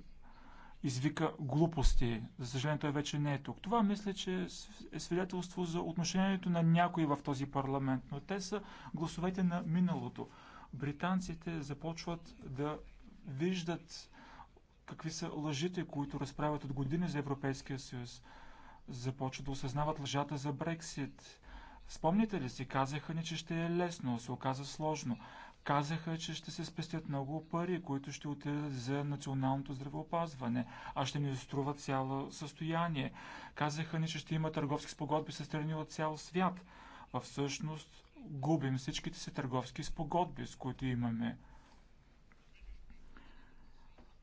извика глупости. За съжаление, той вече не е тук. Това мисля, че е свидетелство за отношението на някои в този парламент, но те са гласовете на миналото. Британците започват да виждат какви са лъжите, които разправят от години за Европейския съюз започват да осъзнават лъжата за Брексит. Спомните ли си, казаха ни, че ще е лесно, се оказа сложно. Казаха, че ще се спестят много пари, които ще отидат за националното здравеопазване, а ще ни струва цяло състояние. Казаха ни, че ще има търговски спогодби с страни от цял свят. А всъщност губим всичките си търговски спогодби, с които имаме.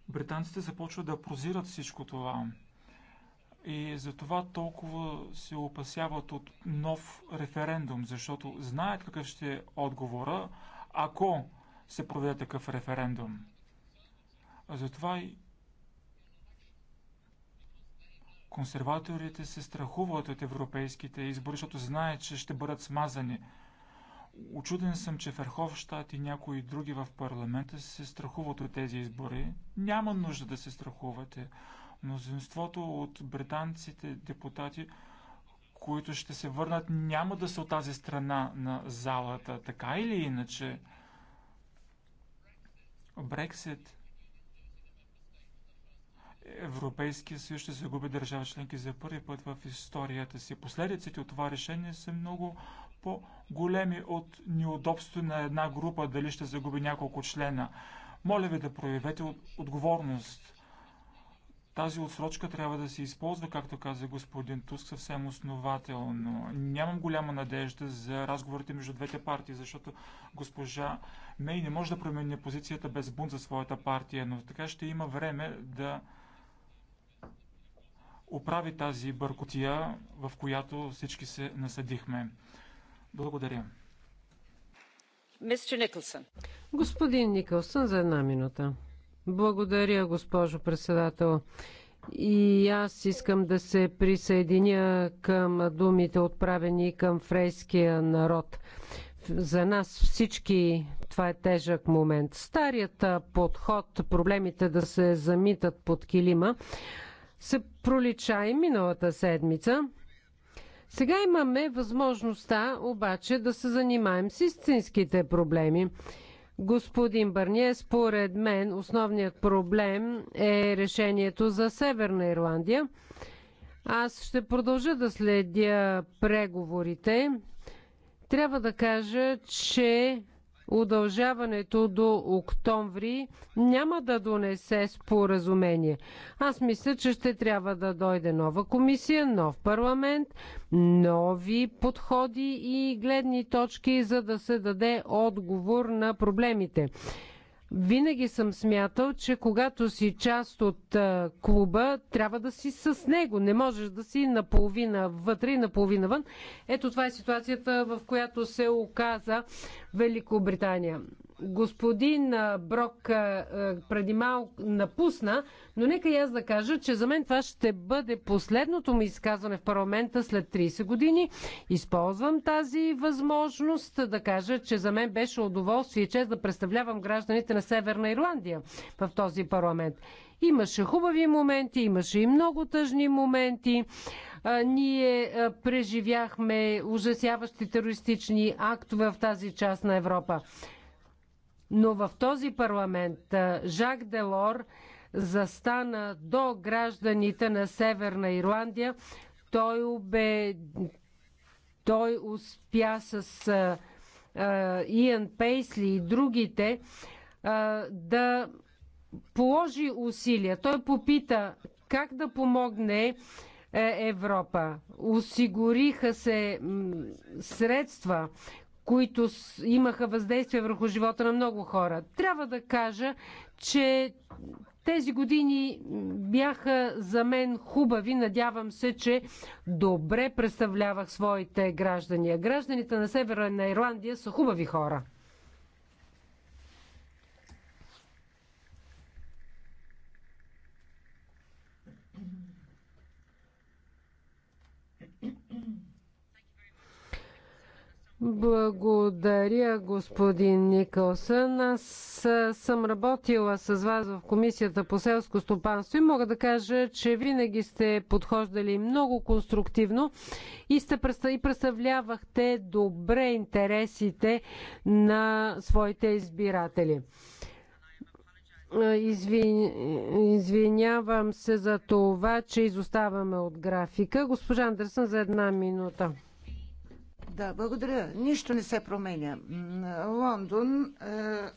Британците започват да прозират всичко това. И затова толкова се опасяват от нов референдум, защото знаят какъв ще е отговора, ако се проведе такъв референдум. А затова и консерваторите се страхуват от европейските избори, защото знаят, че ще бъдат смазани. Очуден съм, че Ферховщат и някои други в парламента се страхуват от тези избори. Няма нужда да се страхувате. Мнозинството от британците депутати, които ще се върнат, няма да са от тази страна на залата, така или иначе. Брексит. Европейския съюз ще загуби държава членки за първи път в историята си. Последиците от това решение са много по-големи от неудобство на една група, дали ще загуби няколко члена. Моля ви да проявете отговорност. Тази отсрочка трябва да се използва, както каза господин Туск, съвсем основателно. Нямам голяма надежда за разговорите между двете партии, защото госпожа Мей не може да промени позицията без бунт за своята партия, но така ще има време да оправи тази бъркотия, в която всички се насъдихме. Благодаря. Господин Никълсън, за една минута. Благодаря, госпожо председател. И аз искам да се присъединя към думите, отправени към фрейския народ. За нас всички това е тежък момент. Старият подход, проблемите да се замитат под килима, се пролича и миналата седмица. Сега имаме възможността обаче да се занимаем с истинските проблеми. Господин Бърние, според мен основният проблем е решението за Северна Ирландия. Аз ще продължа да следя преговорите. Трябва да кажа, че удължаването до октомври няма да донесе споразумение. Аз мисля, че ще трябва да дойде нова комисия, нов парламент, нови подходи и гледни точки, за да се даде отговор на проблемите. Винаги съм смятал, че когато си част от а, клуба, трябва да си с него. Не можеш да си наполовина вътре и наполовина вън. Ето това е ситуацията, в която се оказа Великобритания господин Брок преди малко напусна, но нека и аз да кажа, че за мен това ще бъде последното ми изказване в парламента след 30 години. Използвам тази възможност да кажа, че за мен беше удоволствие и чест да представлявам гражданите на Северна Ирландия в този парламент. Имаше хубави моменти, имаше и много тъжни моменти. А, ние а, преживяхме ужасяващи терористични актове в тази част на Европа. Но в този парламент Жак Делор застана до гражданите на Северна Ирландия. Той, обе... Той успя с а, а, Иан Пейсли и другите а, да положи усилия. Той попита как да помогне е, Европа. Осигуриха се средства, които имаха въздействие върху живота на много хора. Трябва да кажа, че тези години бяха за мен хубави. Надявам се, че добре представлявах своите граждани. гражданите на Северна Ирландия са хубави хора. Благодаря, господин Никълсън. Аз съм работила с вас в Комисията по селско стопанство и мога да кажа, че винаги сте подхождали много конструктивно и, сте, и представлявахте добре интересите на своите избиратели. Извин... Извинявам се за това, че изоставаме от графика. Госпожа Андерсън за една минута. Да, благодаря. Нищо не се променя. Лондон е,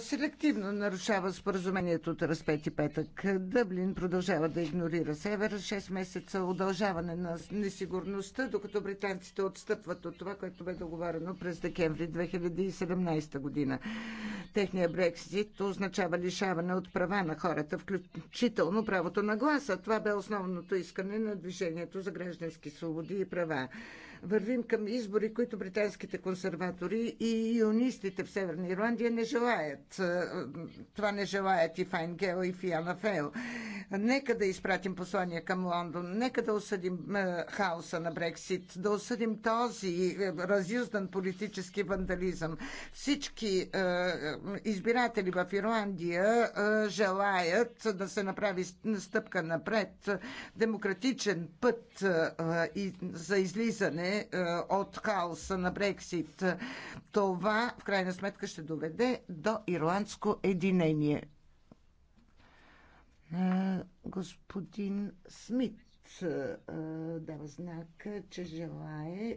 селективно нарушава споразумението от разпети петък. Дъблин продължава да игнорира север. 6 месеца удължаване на несигурността, докато британците отстъпват от това, което бе договорено през декември 2017 година. Техният Брексит означава лишаване от права на хората, включително правото на гласа. Това бе основното искане на Движението за граждански свободи и права вървим към избори, които британските консерватори и юнистите в Северна Ирландия не желаят. Е, това не желаят и Файн Гел, и Фиана Фейл. Нека да изпратим послание към Лондон, нека да осъдим е, хаоса на Брексит, да осъдим този е, разюздан политически вандализъм. Всички е, избиратели в Ирландия желаят да се направи стъпка напред, демократичен път за излизане от хаоса на Брексит. Това в крайна сметка ще доведе до ирландско единение. Е, господин Смит е, е, дава знак, че желае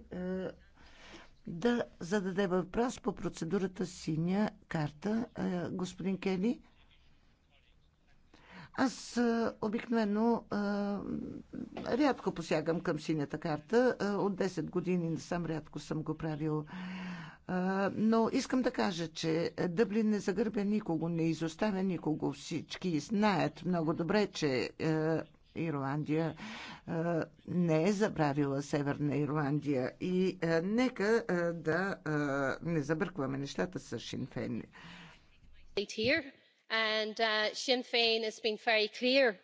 да зададе въпрос по процедурата синя карта. Господин Кели? Аз обикновено рядко посягам към синята карта. От 10 години сам рядко съм го правил. Но искам да кажа, че Дъблин не загърбя никого, не изоставя никого. Всички знаят много добре, че Ирландия не е забравила Северна Ирландия. И нека да не забъркваме нещата с Шинфен. And uh, Sinn has been very clear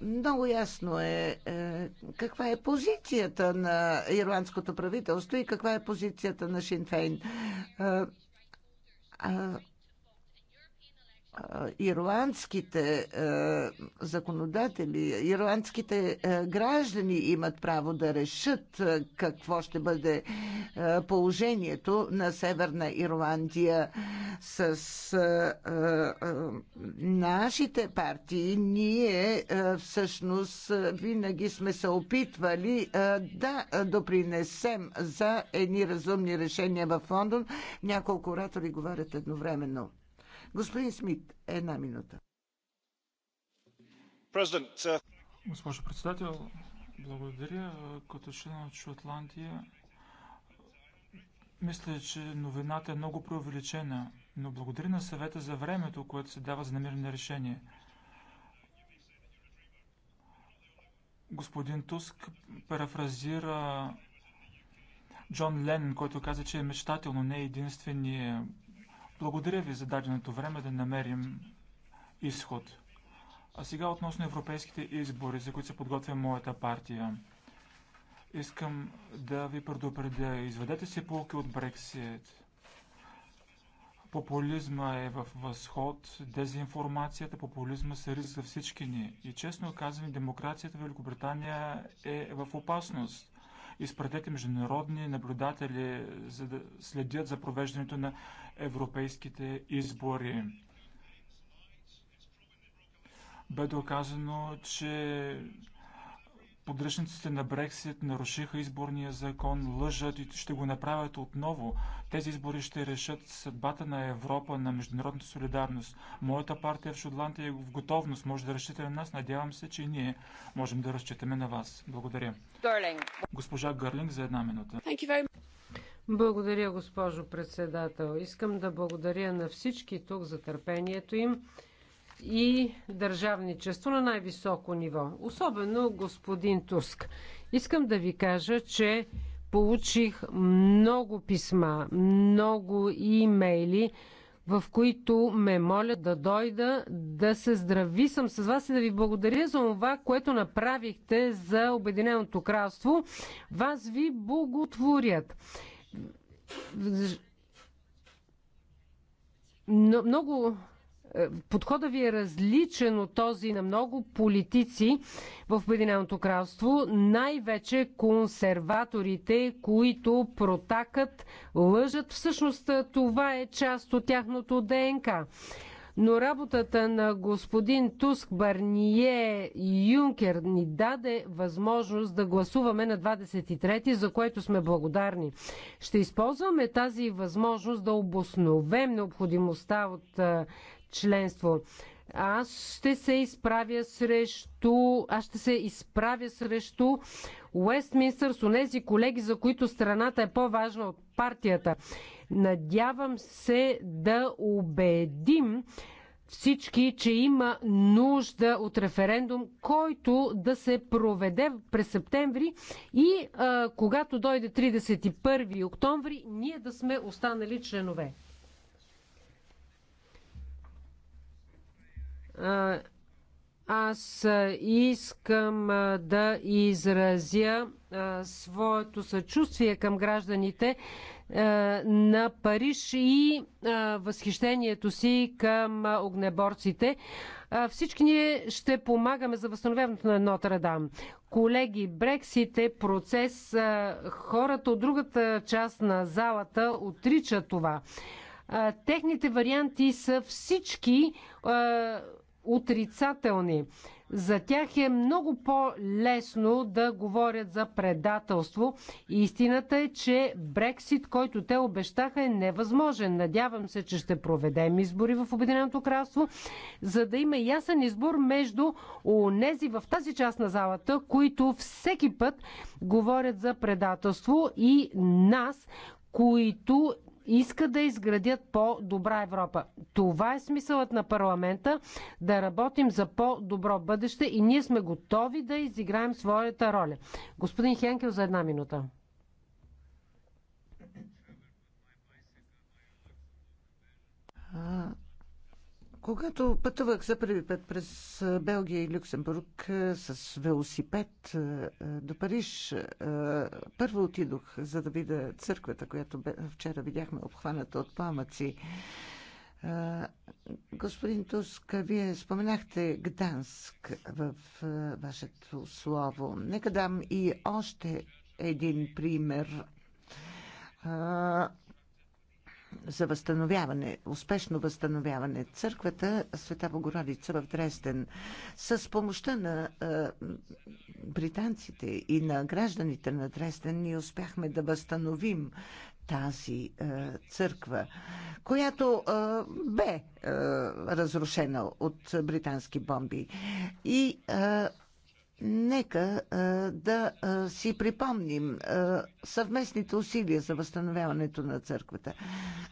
много ясно е, е, каква е позицията на ирландското правителство и каква е позицията на Шинфейн ирландските законодатели, ирландските граждани имат право да решат какво ще бъде положението на Северна Ирландия с нашите партии. Ние всъщност винаги сме се опитвали да допринесем за едни разумни решения в Лондон. Няколко оратори говорят едновременно. Господин Смит, една минута. Госпожо председател, благодаря. Като член от Шотландия, мисля, че новината е много преувеличена, но благодаря на съвета за времето, което се дава за намиране решение. Господин Туск парафразира Джон Ленн, който каза, че е мечтател, но не е единственият благодаря ви за даденото време да намерим изход. А сега относно европейските избори, за които се подготвя моята партия. Искам да ви предупредя, изведете си полки от Брексит. Популизма е в възход, дезинформацията, популизма се риск за всички ни. И честно казвам, демокрацията в Великобритания е в опасност изпратете международни наблюдатели, за да следят за провеждането на европейските избори. Бе доказано, че поддръжниците на Брексит нарушиха изборния закон, лъжат и ще го направят отново. Тези избори ще решат съдбата на Европа, на международната солидарност. Моята партия в Шотландия е в готовност. Може да разчитате на нас. Надявам се, че и ние можем да разчитаме на вас. Благодаря. Гърлинг. Госпожа Гърлинг за една минута. Благодаря, госпожо председател. Искам да благодаря на всички тук за търпението им и държавничество на най-високо ниво, особено господин Туск. Искам да ви кажа, че получих много писма, много имейли, в които ме моля да дойда, да се здрави съм с вас и да ви благодаря за това, което направихте за Обединеното кралство. Вас ви боготворят. Много е, подхода ви е различен от този на много политици в Обединеното кралство, най-вече консерваторите, които протакат, лъжат. Всъщност е, това е част от тяхното ДНК. Но работата на господин Туск, Барние Юнкер ни даде възможност да гласуваме на 23-ти, за което сме благодарни. Ще използваме тази възможност да обосновем необходимостта от е, членство. Аз ще се изправя срещу... Аз ще се изправя срещу Уестминстър с онези колеги, за които страната е по-важна от партията. Надявам се да убедим всички, че има нужда от референдум, който да се проведе през септември и а, когато дойде 31 октомври, ние да сме останали членове. Аз искам да изразя своето съчувствие към гражданите на Париж и възхищението си към огнеборците. Всички ние ще помагаме за възстановяването на Нотрадам. Колеги, Брексит е процес. Хората от другата част на залата отричат това. Техните варианти са всички отрицателни. За тях е много по-лесно да говорят за предателство. Истината е, че Брексит, който те обещаха, е невъзможен. Надявам се, че ще проведем избори в Обединеното кралство, за да има ясен избор между онези в тази част на залата, които всеки път говорят за предателство и нас, които иска да изградят по-добра Европа. Това е смисълът на парламента да работим за по-добро бъдеще и ние сме готови да изиграем своята роля. Господин Хенкел за една минута. Когато пътувах за първи път през Белгия и Люксембург с велосипед до Париж, първо отидох, за да видя църквата, която вчера видяхме обхваната от пламъци. Господин Туск, вие споменахте Гданск в вашето слово. Нека дам и още един пример за възстановяване, успешно възстановяване. Църквата Света Богородица в Дрезден с помощта на британците и на гражданите на Дрезден ние успяхме да възстановим тази е, църква, която е, бе е, разрушена от британски бомби. И е, Нека а, да а, си припомним а, съвместните усилия за възстановяването на църквата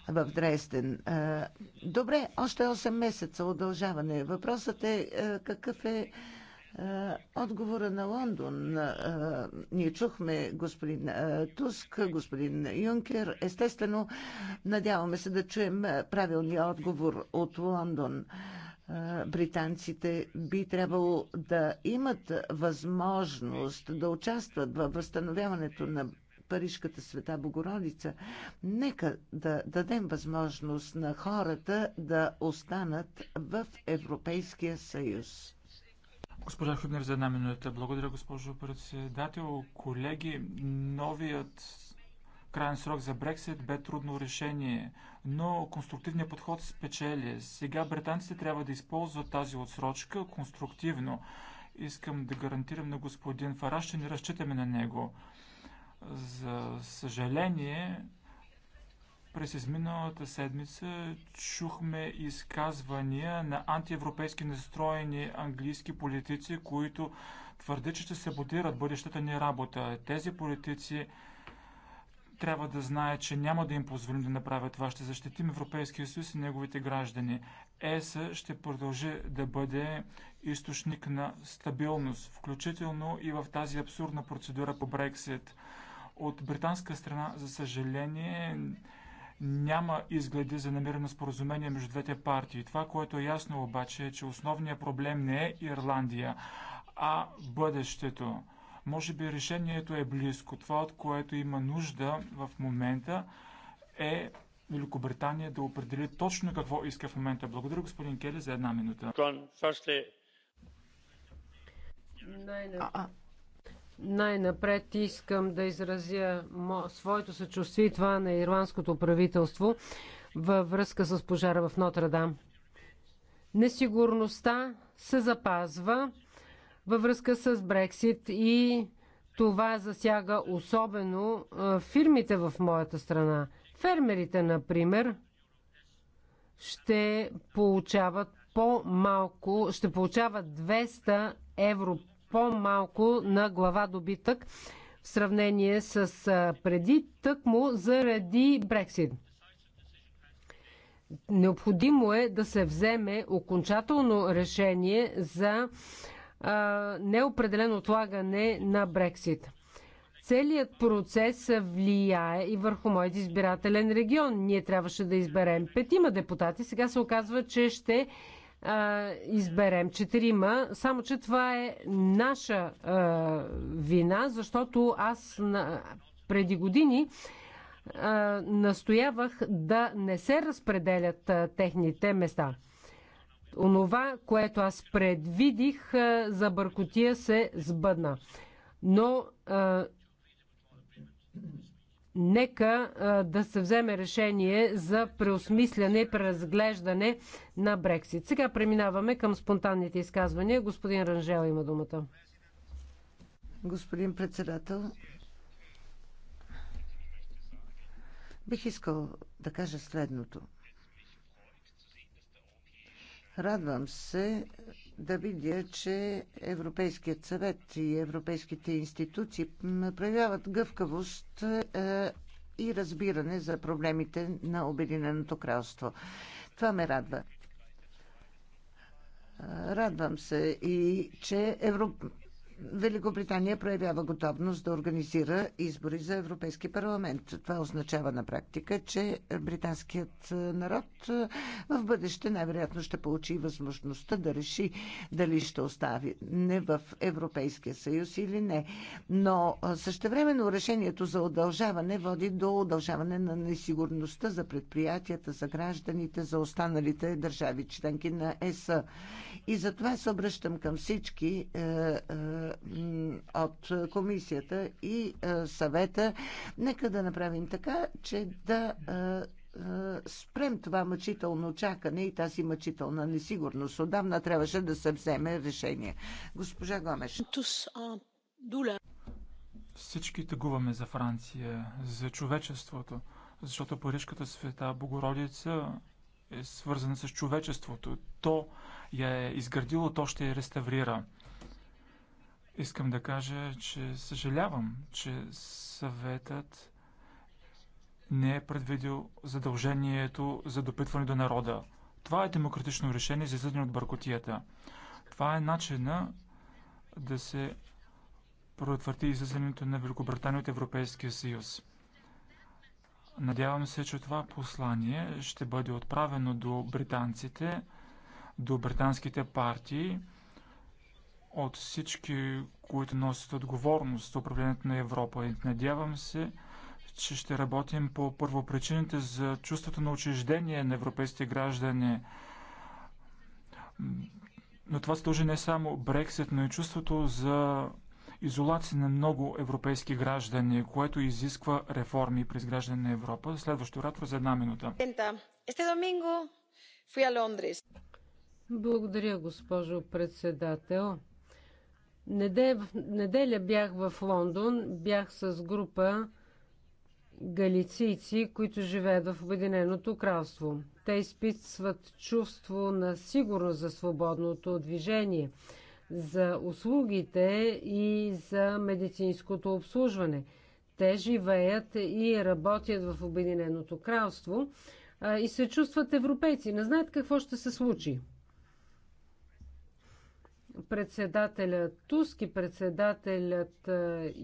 в Дрестен. А, добре, още 8 месеца удължаване. Въпросът е а, какъв е а, отговора на Лондон. А, ние чухме господин а, Туск, господин Юнкер. Естествено, надяваме се да чуем правилния отговор от Лондон. А, британците би трябвало да имат възможност да участват във възстановяването на Парижката света Богородица. Нека да дадем възможност на хората да останат в Европейския съюз. Госпожа Хюбнер, за една минута. Благодаря, госпожо председател. Колеги, новият крайен срок за Брексит бе трудно решение, но конструктивният подход спечели. Сега британците трябва да използват тази отсрочка конструктивно. Искам да гарантирам на господин Фараш, че не разчитаме на него. За съжаление, през изминалата седмица чухме изказвания на антиевропейски настроени английски политици, които твърдят, че ще саботират бъдещата ни работа. Тези политици трябва да знае, че няма да им позволим да направят това. Ще защитим Европейския съюз и неговите граждани. ЕС ще продължи да бъде източник на стабилност, включително и в тази абсурдна процедура по Брексит. От британска страна, за съжаление, няма изгледи за намерено споразумение между двете партии. Това, което е ясно обаче, е, че основният проблем не е Ирландия, а бъдещето. Може би решението е близко. Това, от което има нужда в момента, е Великобритания да определи точно какво иска в момента. Благодаря, господин Кели, за една минута. Най-напред искам да изразя своето съчувствие това на ирландското правителство във връзка с пожара в Нотрадам. Несигурността се запазва във връзка с Брексит и това засяга особено фирмите в моята страна. Фермерите, например, ще получават по-малко, ще получават 200 евро по-малко на глава добитък в сравнение с преди тъкмо заради Брексит. Необходимо е да се вземе окончателно решение за неопределено отлагане на Брексит. Целият процес влияе и върху моят избирателен регион. Ние трябваше да изберем петима депутати. Сега се оказва, че ще а, изберем четирима. Само, че това е наша а, вина, защото аз на, преди години а, настоявах да не се разпределят а, техните места онова, което аз предвидих за Бъркотия се сбъдна. Но а, нека а, да се вземе решение за преосмисляне и преразглеждане на Брексит. Сега преминаваме към спонтанните изказвания. Господин Ранжел има думата. Господин председател, бих искал да кажа следното – Радвам се да видя, че Европейският съвет и европейските институции проявяват гъвкавост е, и разбиране за проблемите на Обединеното кралство. Това ме радва. Радвам се и, че Европа Великобритания проявява готовност да организира избори за Европейски парламент. Това означава на практика, че британският народ в бъдеще най-вероятно ще получи възможността да реши дали ще остави не в Европейския съюз или не. Но същевременно решението за удължаване води до удължаване на несигурността за предприятията, за гражданите, за останалите държави членки на ЕС. И затова се обръщам към всички от комисията и съвета. Нека да направим така, че да спрем това мъчително чакане и тази мъчителна несигурност. Отдавна трябваше да се вземе решение. Госпожа Гомеш. Всички тъгуваме за Франция, за човечеството, защото Парижката света Богородица е свързана с човечеството. То я е изградило, то ще я реставрира. Искам да кажа, че съжалявам, че съветът не е предвидил задължението за допитване до народа. Това е демократично решение за излизане от бъркотията. Това е начина да се предотврати излизането на Великобритания от Европейския съюз. Надявам се, че това послание ще бъде отправено до британците, до британските партии, от всички, които носят отговорност за управлението на Европа. И надявам се, че ще работим по първопричините за чувството на учреждение на европейските граждани. Но това служи не само Брексит, но и чувството за изолация на много европейски граждани, което изисква реформи при изграждане на Европа. Следващо ратор за една минута. Благодаря, госпожо председател. Неделя бях в Лондон, бях с група галицийци, които живеят в Обединеното кралство. Те изпитват чувство на сигурност за свободното движение, за услугите и за медицинското обслужване. Те живеят и работят в Обединеното кралство и се чувстват европейци. Не знаят какво ще се случи. Председателя Туск и председателят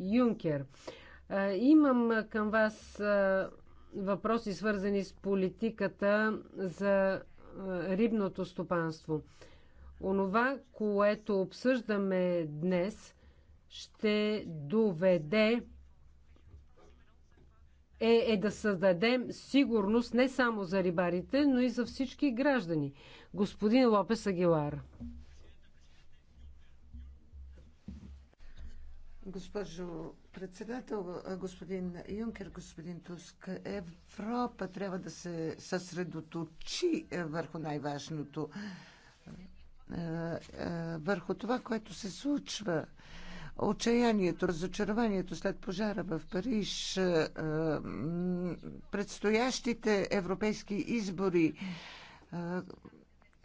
Юнкер. Имам към вас въпроси, свързани с политиката за рибното стопанство. Онова, което обсъждаме днес, ще доведе е, е да създадем сигурност не само за рибарите, но и за всички граждани. Господин Лопес Агилар. Госпожо председател, господин Юнкер, господин Туск, Европа трябва да се съсредоточи е, върху най-важното, е, е, върху това, което се случва. Отчаянието, разочарованието след пожара в Париж, предстоящите европейски избори,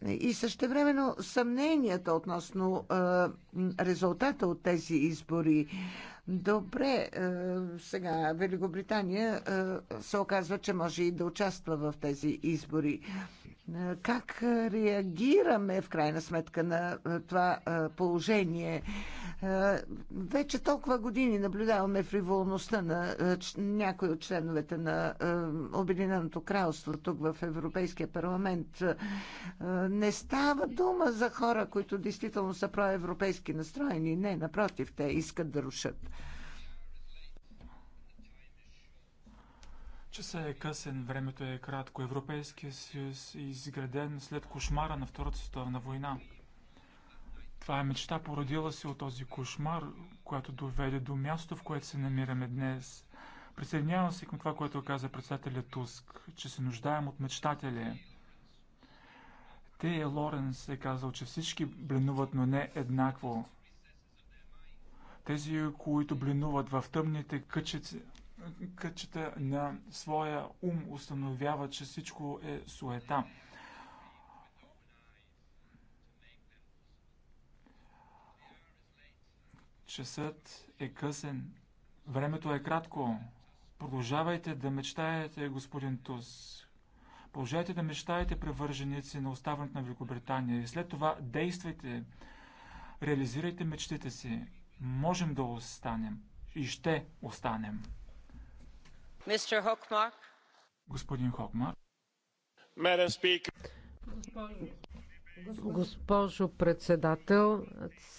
и същевременно съмненията относно резултата от тези избори Добре, е, сега Великобритания е, се оказва, че може и да участва в тези избори. Е, как реагираме в крайна сметка на това положение? Вече толкова години наблюдаваме фриволността на някои от членовете на Обединеното кралство тук в Европейския парламент. Не става дума за хора, които действително са проевропейски настроени. Не, напротив, те искат да рушат. Часа е късен, времето е кратко. Европейския съюз е изграден след кошмара на Втората световна война. Това е мечта, породила се от този кошмар, която доведе до място, в което се намираме днес. Присъединявам се към това, което каза председателя Туск, че се нуждаем от мечтатели. Те Лоренс е казал, че всички бленуват, но не еднакво. Тези, които бленуват в тъмните къчици кътчета на своя ум установява, че всичко е суета. Часът е късен. Времето е кратко. Продължавайте да мечтаете, господин Тус. Продължавайте да мечтаете превърженици на оставането на Великобритания и след това действайте. Реализирайте мечтите си. Можем да останем и ще останем. Господин Хокмар. Госпожо председател,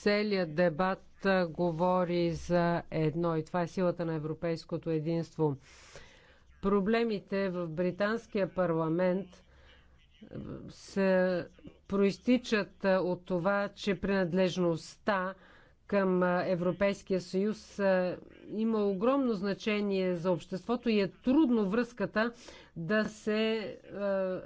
целият дебат говори за едно и това е силата на европейското единство. Проблемите в британския парламент се проистичат от това, че принадлежността към Европейския съюз има огромно значение за обществото и е трудно връзката да се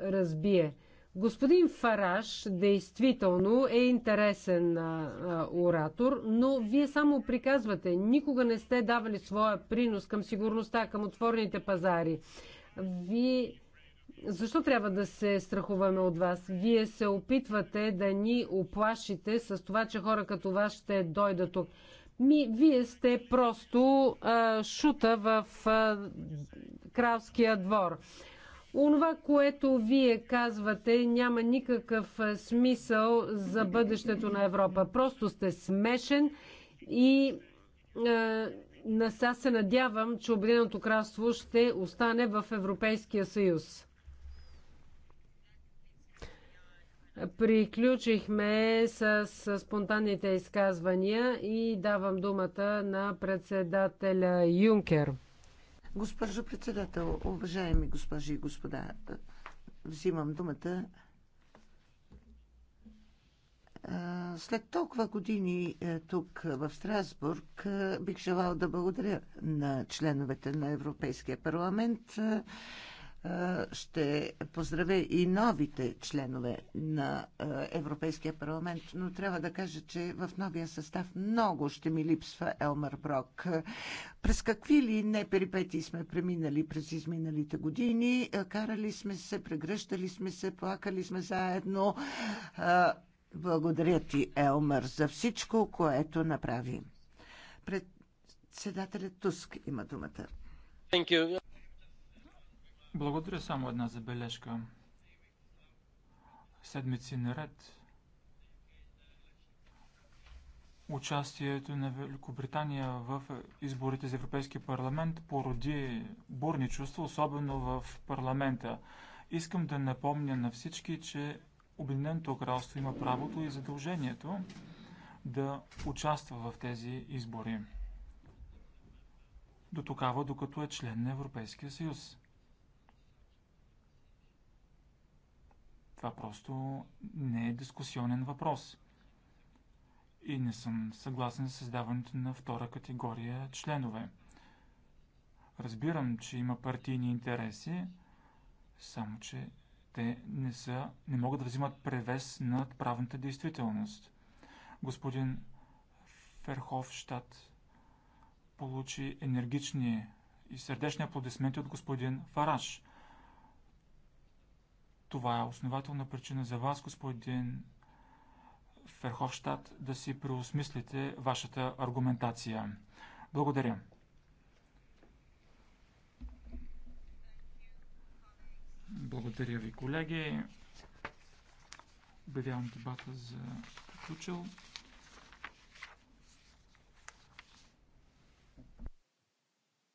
разбие. Господин Фараш действително е интересен а, а, оратор, но вие само приказвате. Никога не сте давали своя принос към сигурността, към отворените пазари. Вие защо трябва да се страхуваме от вас? Вие се опитвате да ни оплашите с това, че хора като вас ще дойдат тук. Ми, вие сте просто а, шута в а, кралския двор. Онова, което вие казвате, няма никакъв смисъл за бъдещето на Европа. Просто сте смешен и а, сега се надявам, че Обединеното кралство ще остане в Европейския съюз. Приключихме с, спонтанните изказвания и давам думата на председателя Юнкер. Госпожо председател, уважаеми госпожи и господа, взимам думата след толкова години тук в Страсбург бих желал да благодаря на членовете на Европейския парламент ще поздравя и новите членове на Европейския парламент, но трябва да кажа, че в новия състав много ще ми липсва Елмар Брок. През какви ли не перипети сме преминали през изминалите години, карали сме се, прегръщали сме се, плакали сме заедно. Благодаря ти, Елмар, за всичко, което направи. Председателят Туск има думата. Благодаря само една забележка. Седмици наред участието на Великобритания в изборите за Европейски парламент породи бурни чувства, особено в парламента. Искам да напомня на всички, че Обединеното кралство има правото и задължението да участва в тези избори. До тогава, докато е член на Европейския съюз. Това просто не е дискусионен въпрос. И не съм съгласен с създаването на втора категория членове. Разбирам, че има партийни интереси, само че те не, са, не могат да взимат превес над правната действителност. Господин Ферховщад получи енергични и сърдечни аплодисменти от господин Фараш. Това е основателна причина за вас, господин Ферховщад, да си преосмислите вашата аргументация. Благодаря. Благодаря ви, колеги. Обявявам дебата за приключил.